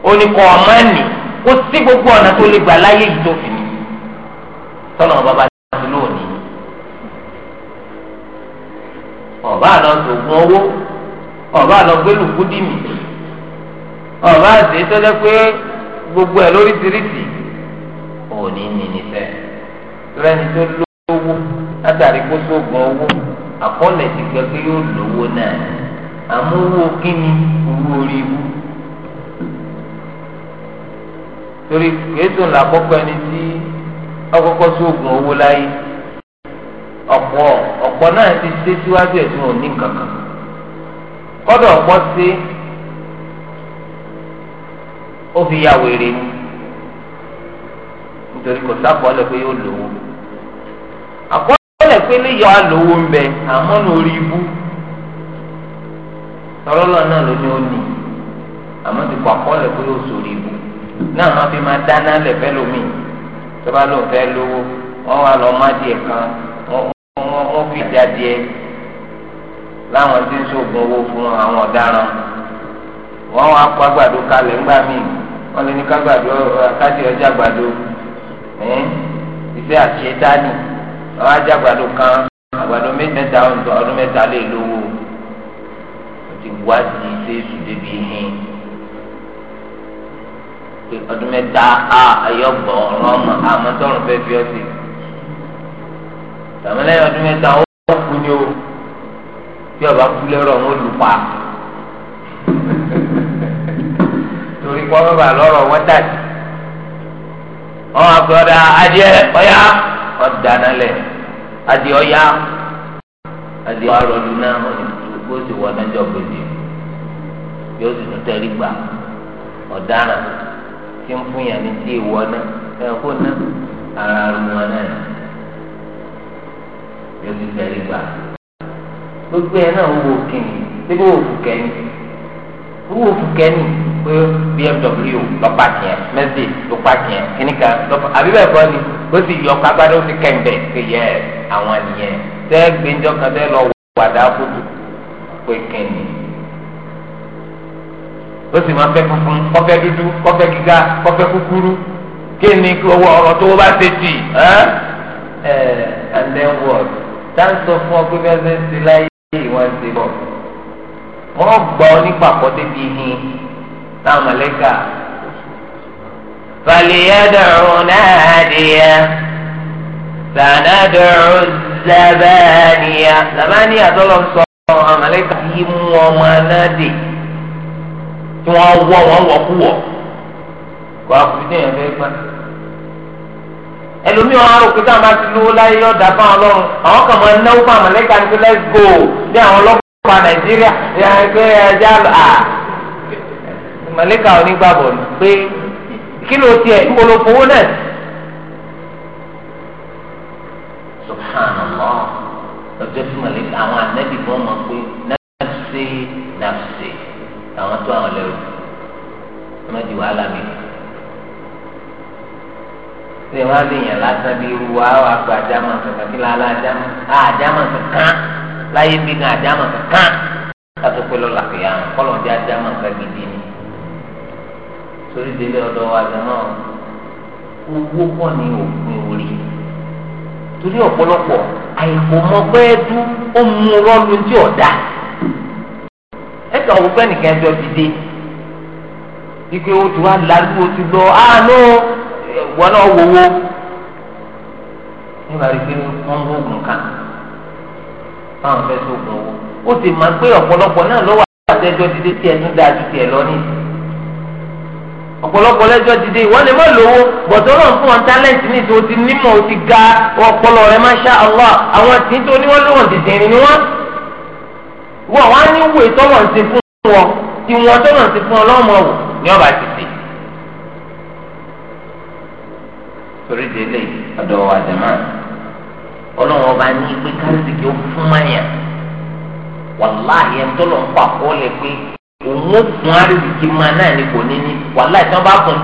ó ní kọ́ ọmọ ẹ̀ nì kó sí gbogbo ọ̀nà tó lè gbà láyé yìí tó fi ní tọ́lọ̀ bàbá ti lónìí ọ̀bá àlọ́ sògùn owó ọ̀bá àlọ́ gbẹ́lùkú dì mí. ọba àti tọ́jà pé gbogbo ẹ̀ lórí tìrìtì òní ní nífẹ̀ lẹ́ni tó lówó látàrí kó sóògùn owó àkọọ́lẹ̀ ti gbẹ pé yóò lówó náà àmúwò kíni owó orí ibú torí kìí sùn làkọ́kọ́ ẹni tí ọkọ́kọ́ sóògùn owó láyé ọ̀pọ̀ ọ̀pọ̀ náà ti ṣe síwájú ẹ̀ tí wọn ní kankan kọ́dọ̀ ọ̀pọ̀ ó fi ya wèrè ni nítorí kò sábọ̀ọ́lẹ̀ pé yóò lówó àkọọ́lẹ̀ pé léyọ̀ alówó ń bẹ àmọ́ ní ibú tọ́lọ́lọ́ náà ló ní ó nì àmọ́ ti kọ àkọọ́lẹ̀ pé yóò ibú náà má fi máa dáná lẹ̀ fẹ́ lómi tó bá fẹ́ lọ má kan wọ́n fi ìjà láwọn tí ń owó fún àwọn ọ̀daràn wọ́n wá kó wọn lè ní kágbàdo káti ọjà àgbàdo ìfẹ́ àti ẹ̀dání wọn á jàgbàdo kan àgbàdo mẹ́tẹ̀ẹ̀ta ọdún mẹ́ta lè lówó ti wá sí ìfẹ́sù débi hìn ọdún mẹ́ta a ayọ̀gbọ̀ ọ̀rọ̀ ọmọ àmọ́ tọrùn fi ọtí tàmílẹ́yìn ọdún mẹ́ta ó kú ni o bí ọba kú lẹ́rọ̀ wọn lù pa. kọ́ bàbà lọ́rọ̀ wọn dàtí wọn àgbọ̀dà adìẹ ọ̀yá ọ̀dàna lẹ̀ adìẹ ọ̀yá adìẹ ọ̀rọ̀lù náà ó sì wọ ọ̀dájọ́ gbèdé yóò sì tún tẹ̀lé gbà tí ń fún yàn ní tí ìwọ náà ẹ̀kọ́ náà ara rún wọn náà yóò sì tẹ̀lé gbà gbogbo ẹ̀ náà kìnnì síbí òkú kẹ́yìn. owó fúkẹ́ni pé BMW lọ́pàá tiẹ̀ Mercedes lọ́pàá tiẹ̀ kìnìkan lọ́pàá àbí bẹ́ẹ̀ kọ́ ni ó sì yọ kágbádé ó sì kẹ́ńbẹ̀ pé yẹ àwọn nìyẹn tẹ́ gbẹ́njọ́ kan tẹ́ lọ wàdà kútu pé kẹ́ni ó sì máa fẹ́ funfun kọ́fẹ́ dúdú kọ́fẹ́ gíga kọ́fẹ́ kúkúrú kíni owó ọ̀rọ̀ tó o bá ṣe tì ẹ́ ẹ̀ and then what dáńsọ fún ọ pé bẹ́ẹ̀ ṣe ń ṣe láyé ìwọ̀n ṣe bọ̀ wọ́n gbọ́ nípa àkọ́dé bíi hin táwọn mọ̀lẹ́kà. فليدعوا ناديا سندع الزبانية زبانية tọ́lọ̀ sọ àwọn mọ̀lẹ́kà yìí mú ọmọ náà dé tí wọ́n wọ́ wọ́n wọ́ kú wọ́ kó akutí yẹn fẹ́ gbà ẹlòmíì wọn arò pété àwọn bá ti lówó láyé yọ̀dá fún àwọn ọlọ́run àwọn kan máa náwó fún àmàlẹ́kà ní pé let's go bí àwọn ọlọ́run wa nàìjíríà pé ẹja à ah. mọ̀lẹ́kà onígbàbọ̀ ni pé kí ló tiẹ̀ ń bolo fowó náà subhanallah lọ́jọ́ tí mọ̀lẹ́kà àwọn anẹ́bí kan mọ̀ pé nàfṣe nàfṣe àwọn tó àwọn lẹ́rù ọmọ di wàhálà mi ṣé wàá lè yàn lásán bí irú wa gba àjàmọ̀ kankan kí lálẹ́ àjàmọ̀ ah, àjàmọ̀ kankan. láyé bí gan àdámà kankan kátó pé lọ́la kìyà kọ́lọ̀ dé àdámà gidi ni torí délé ọ̀dọ̀ wa owó pọ̀ ní òpin orí torí ọ̀pọ̀lọpọ̀ àìkò mọ ọ̀dà ẹ̀ka òwò nìkan ẹjọ́ ike o ti wa larugbo ti lọ àánú wọn náà wọwọ nígbà tí wọn ń gbógun fáwọn fẹ́ sóògùn owó ó sì máa pé ọ̀pọ̀lọpọ̀ náà ló àtẹ́jọ́ dídé tí ẹnu dáa ju tiẹ̀ lọ ní. ọ̀pọ̀lọpọ̀ lẹ́jọ́ dídé ìwọ́n lè má lówó bọ̀dọ̀ náà fún wọn tálẹ́ǹtì ní ìṣòwò ti nímọ̀ ó ti ga ọpọlọ rẹ̀ masha Allah àwọn tí tó ní wọ́n lóhùn dìdìrín ni wọ́n. wọ́n wá ní wò ìtọ́wọ̀ ń ti fún wọn tí wọ́n tọ́wọ̀ ń ti fún ọlọ́mọ wò ní ọba ti torí délé ọ̀dọ̀ wa jẹ̀ ọlọ́run ọba ní pé kárísìkì ó fún mayà wàláhì ẹni tó lọ ń pàkó lè pé òun ó fún náà ni kò ní ní wàláhì tí bá fún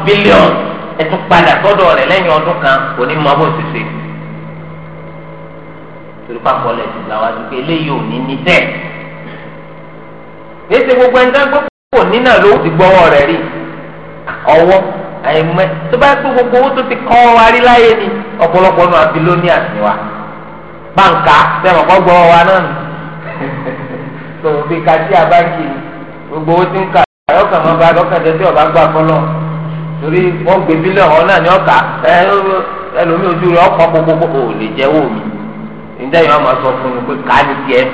lẹ́yìn ọdún kan kò ní mọ bó ti ṣe torí lẹ̀ sí eléyìí ò ní ní gbogbo ẹni tó ń gbọ́ kò ní náà ti gbọ́wọ́ rẹ̀ gbogbo owó tó ti kọ́ wa rí láyé ni ọ̀pọ̀lọpọ̀ nù àbí lónìí báńkà sẹ́wọ̀n kọ́ gbọ́ wa náà tó fi kàtí àbáǹkì gbogbo owó tí ń kà ọkà máa ka ọkà tí ọba gbà fọlọ torí wọn gbé bílíọ̀nù ọ̀nà ní ọkà ẹlòmíì ojú rẹ ọkọ̀ gbogbogbò ò lè yìí wọ́n máa sọ fún mi pé ká ní tiẹ̀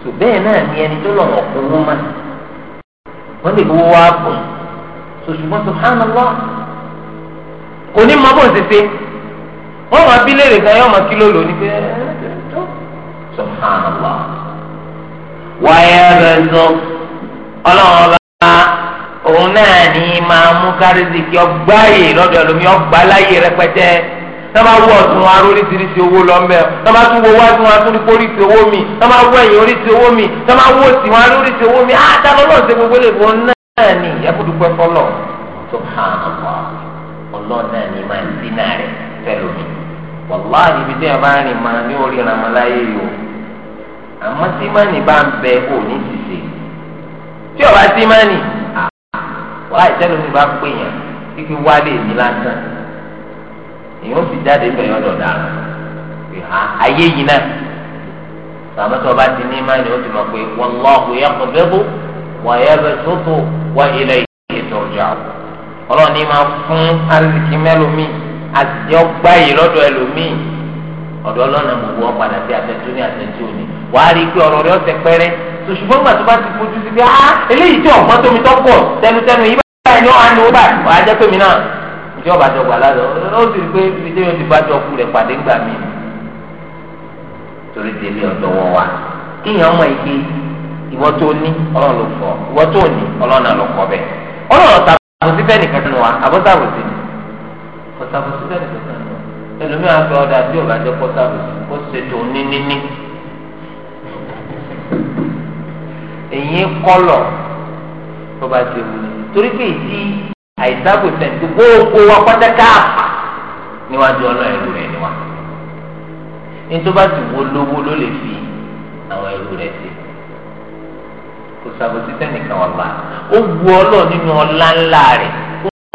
tó bẹ́ẹ̀ náà ẹni tó lọ́wọ́ mọ́ wá kò ní mọ́ wọ́n máa bí léèrè kan yóò máa kí ló lò ní pé eh, subhanallah wáyé rẹ̀ zọ ọlọ́run bá òun náà ní máa mú kárísìkì ọgbà yìí lọ́dọ̀ ẹlòmíì ọgbà láyé rẹpẹtẹ tọ́ba wọ ọ̀tún wa oríṣiríṣi owó lọ ń bẹ̀ tọ́ba tún wo wájú wa tún oríṣi owó mi tọ́ba wọ ẹ̀yìn oríṣi owó mi tọ́ba wọ òsì wa oríṣi owó mi áá ah, dáná lọ́ọ̀ ṣe gbogbo èèbó náà ní ẹ̀kúndùpẹ́ fọlọ́ subhanallah ọlọ́ọ̀ náà ní máa ń dín náà rẹ̀ fẹ́lómi wàláhì ibi tí ẹ bá rìn máa ní orí ramaláyé yìí o àmọ́ tí mánì bá ń bẹ kò ní ṣìṣe tí ọba tí mánì wàá ìtẹ́nu mi bá pè yàn kíkí wálé mi lásán èyí ó fi jáde bẹ̀yọ̀ dọ̀dà ayé yìí náà tàbí tí ọba ti ní mánì ó ti mọ̀ pé wàláhù yẹ kọ̀ bẹ́ẹ̀ wà yẹ bẹ́ẹ̀ tó wà ilẹ̀ yìí tó jà ọlọ́ọ̀ni máa fún alìkí mẹ́lòmíì. àti ọgbà yìí lọ́dọ̀ ẹlòmíì ọ̀dọ̀ ọlọ́nà gbogbo wọn padà sí àtẹ̀tù ní àtẹ̀tù òní wàá rí i pé ọ̀rọ̀ rẹ ọ̀sẹ̀ pẹ́rẹ́ ṣùgbọ́n gbà tó bá ti fojú sí pé ah eléyìí tí ọ̀gbọ́n tómi tó pọ̀ tẹnutẹnu yìí báyìí ni wọ́n á ní wàá jẹ́ pé mi náà ìjọ gbà ó sì rí pé ibi tí yóò ti bá jọ kú rẹ̀ pàdé gbà mí kọtàbùsí bẹ́ẹ̀ nìkan ni ẹlòmíì á sọ ọdà tí òbá jẹ kọtàbùsí kó ṣètò níníní èyí kọlọ tó bá ti wù ní torí pé ìdí àìsàbò sẹ̀ǹtì gbogbo wa pátákà níwájú ọlọ́ ẹ̀rù rẹ̀ ni wa nítorí bá ti wo lówó ló lè fi àwọn ẹ̀rù rẹ̀ sí kò sàbòsí sẹ́nìkan wà bá ó wu ọlọ́ nínú ọlá ńlá rẹ̀.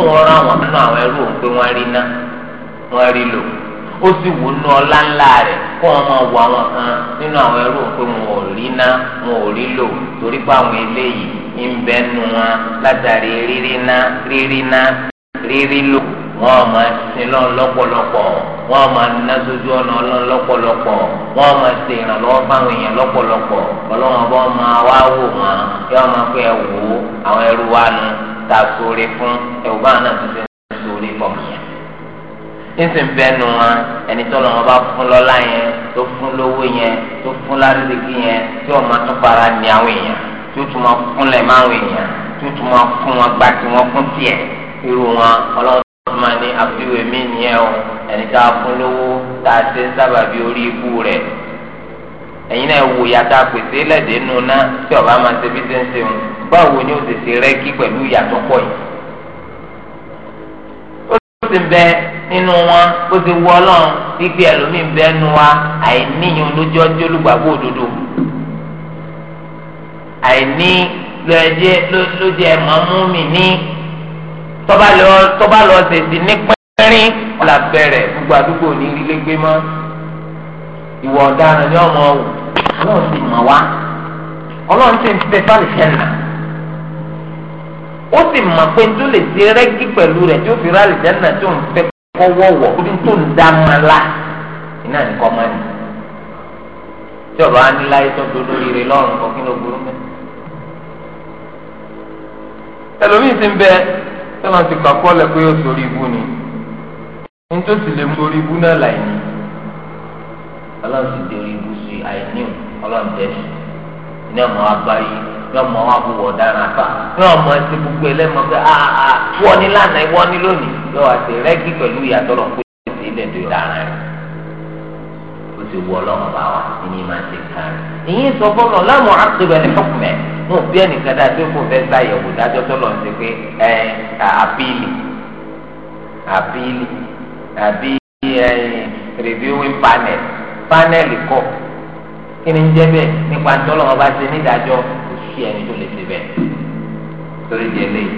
òun ọrụ àwọn nínú àwọn ẹrú òun pé wọ́n rí ná wọ́n rí lò ó sì wù ú ní ọlá ńlá rẹ̀ kó wọn máa wọ àwọn kan nínú àwọn ẹrú òun pé wọn ò rí ná wọn ò rí lò torí pé àwọn eléyìí ń bẹ nu wọn látàrí rírí rírí rírí lò wọn máa lọ́n lọ́pọ̀lọpọ̀ wọn máa ná sójú ọ̀nà ọlọ́n lọ́pọ̀lọpọ̀ wọn máa ṣe ìrànlọ́wọ́ fáwọn èèyàn lọ́pọ̀lọpọ̀ ọlọ́wọ́n bọ́ máa wá ta sóore fún ẹ̀wù báwọn náà ti ṣe ń sóore bọ̀ yẹn. nísìnyí bẹ́ẹ̀ nu wọn ẹni tó lọ́wọ́ bá fún lọ́lá yẹn tó fún lówó yẹn tó fún lárúbíkì yẹn tí ọmọ tó fara ní àwọn èèyàn tí ó tún máa fúnlẹ̀ máa àwọn èèyàn tí ó tún máa fún wọn gba tí wọ́n fún tiẹ̀ irú wọn ọlọ́run tó máa ní àfiwèmí nìyẹn o ẹni tá a fún lówó tá a ṣe ń sábàbí orí ikú rẹ̀ ẹ̀yin náà wò yàtọ̀ àpèsè lẹ́dẹ̀ nù náà tí ọba máa ṣe bí ṣe ń ṣe wọn báwo ni ó ti ṣe rẹ́ kí pẹ̀lú ìyàtọ̀ pọ̀ yìí. ó ti bẹ nínú wọn ó ti wọ ọlọ́run wípé ẹlòmíì ń bẹ nu wa àìníyàn lójú ọjọ́ olùgbàgbọ́ òdodo àìní lójẹ lójẹ mọ́mú mi ní tọ́ba lọ tọ́ba lọ tètè ní pẹ́rín ọ̀là bẹ̀rẹ̀ gbogbo àdúgbò ní ilé gbé mọ́ ìwọ ọ̀daràn ni ọmọ wò ọlọ́run sì mọ̀ wá ọlọ́run sì ń tẹ fáàlì sẹ́nà ó sì mọ̀ pé tó lè ṣe rẹ́gí pẹ̀lú rẹ̀ tí ó fi ráàlì sẹ́nà tó ń fẹ́ kọ́wọ́wọ́ kó tó ń dá ma la iná ní kọ́ máa ní tí ọ̀rọ̀ á ní láyé tó do lórí rẹ̀ lọ́rùn kan kí ló burú mẹ́. ẹlòmíì ti ń bẹ tọ́lá ti kọ́ akọ́lẹ̀ pé ó sórí ibú ni ní tó sì lè mú orí ibú náà láì ní ọlọ́run sì dèrò ibu sí àìníw ọlọ́run tẹ̀sí ní ọmọ abáyé ní ọmọ abúwọ̀ ọ̀daràn afá ní ọmọ ẹsẹ gbogbo ẹlẹ́mọ pé àà wọ́n ní lánàá wọ́n ní lónìí yọ àti rẹ́gí pẹ̀lú ìyàtọ̀ lọ pé ẹsẹ̀ ilẹ̀ tó yọ dára rẹ̀ ó ti wọ ọlọ́run bá wa ìní máa ṣe kárí ìyín sọ fọlọ láwọn àtúbẹ̀ ní fọkùnmẹ́ wọn bí ẹnìkan dá tó kó fẹ́ ṣàyẹ̀wò dájọ́ tó lọ sí pé ẹ àbílì àbílì àbí ẹ rìvíwìn panel pánẹ́ẹ̀lì kọ̀ kí ni ń jẹ́ bẹ́ẹ̀ nípa ntọ́lọ́ wọn bá ṣe nídàájọ́ oṣù ẹni tó lè ṣe bẹ́ẹ̀ torí di eléyìí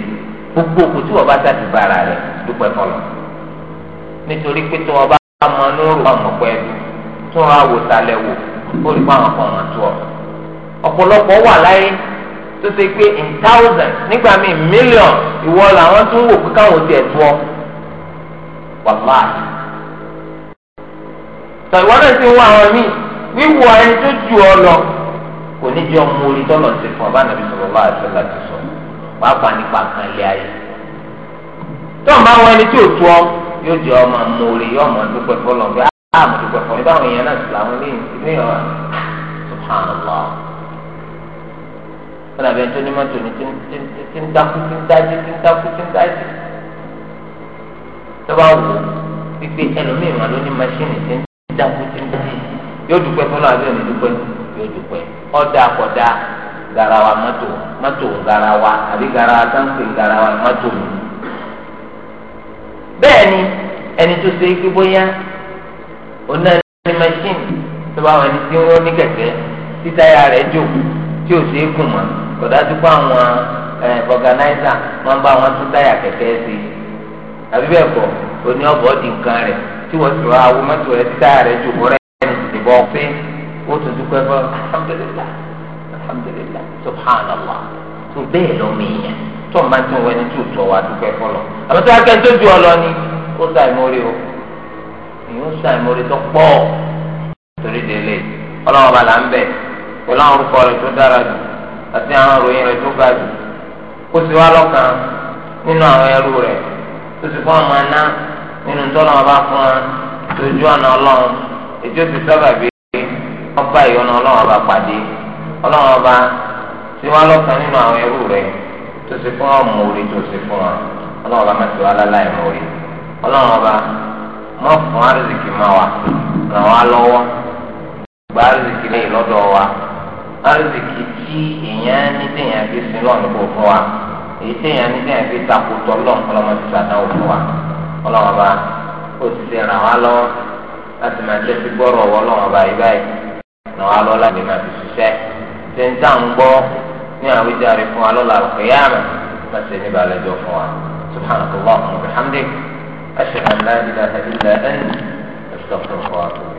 gbogbo òkú tí wọn bá ṣàti bára rẹ dúpẹ́ kọlọ̀ nítorí pé tó ọba mọ lóru ọmọ pẹ́ẹ́lú tó ra wò sálẹ̀ wò ó rí fáwọn kan wọn tó ọ ọ̀pọ̀lọpọ̀ wà láyé tó ṣe pé in thousand nígbà míì million ìwọ làwọn tún wò pé káwọn ti ẹ̀ tó ọ wàláàyè tọ ìwọ náà ti ń wá àwọn míì wíwọ ẹni tó ju ọ lọ kò ní jọ mú orí tọ́lọ̀ ti fún ọba nàbí sọ̀rọ̀ bá àṣọ láti sọ pàápàá nípa kan ilé ayé tó ń bá wọn ẹni tí ò tó ọ yóò jẹ ọmọ mú orí yóò mọ dúpẹ́ fọlọ́ bí àmọ́ dúpẹ́ fọlọ́ báwọn èèyàn náà sì làwọn ní ìsinmi ọ̀rọ̀ subhanallah wọn àbẹ tó ní mọ́tò ní tí ń dákú tí ń dájú tí ń dákú tí ń dájú tó bá wù ú pípé ẹlòmíràn ló ní ìjà kùtìkùtì yóò dúpẹ́ fún náà àbí òní dúpẹ́ ọ̀dà kọ̀dà garawa mọ́tò mọ́tò garawa àbí garawa sáńpẹ̀ garawa mọ́tò mi. Bẹ́ẹ̀ni ẹni tó ṣe é bóyá ọ̀nà machine tó bá wọn tí ní kẹ̀kẹ́ táyà rẹ̀ jò tí ò ṣe é gùn mọ́ kódà tó àwọn organizer wọn bá wọn tún táyà kẹ̀kẹ́ sí i àbí bẹ́ẹ̀ kọ́ tí wọ́n ti wá wo mọ́tò rẹ̀ títà rẹ̀ ju ọ̀rẹ́ ẹni ìbọn pé ó tún dúpẹ́ bọ́ alhamdulillah alhamdulillah subhanallah tó bẹ́ẹ̀ lọ mìíyàn tó máa tún wẹ́ni tó tọ̀ wá dúpẹ́ fọlọ́ àmọ́ tó akẹ́ tó ju ọ lọ ni ó sàìmórí o ìyó sàìmórí tó pọ̀ torí délé ọlọ́run bá là ń bẹ̀ pẹ̀lú àwọn orúkọ tó dára jù àti àwọn òròyìn rẹ̀ tó ga jù kó sì wá lọ́kàn nínú àwọn ẹrú rẹ̀ tó sì fún àwọn aná nínú tọ́lọ́ ọba bá fún wa lójú ọ̀nà ọlọ́run ètò ti sábà bí wọ́n ìyọnu ọlọ́run ọba pàdé ọlọ́run ọba tí wọ́n lọ́kàn nínú àwọn ẹrú rẹ̀ tó ṣe fún orí tó ṣe fún ọlọ́run ọba mẹ́tọ́ ọba mọ́ fún arzikì mọ́ wa ràn wá lọ́wọ́ gba arzikì lẹ́yìn lọ́dọ̀ wa arzikì tí èèyàn ní téèyàn fi sin lọ́nà kò fún wa. ọlọ́wọ́n bá ó ti ṣe ràn wá lọ́wọ́ láti máa jẹ́ sí gbọ́rọ̀ ọwọ́ ọlọ́wọ́n bá yí báyìí ràn wá lọ́wọ́ láti máa fi ṣiṣẹ́ ṣe ń tà ń gbọ́ ní àwíjàre fún wa lọ́la àlùkìyàmù láti ní balẹ̀ jọ fún wa subhanahu wa ta'ala alhamdulilayi ashhadu ilaha illa anta astaghfiruka wa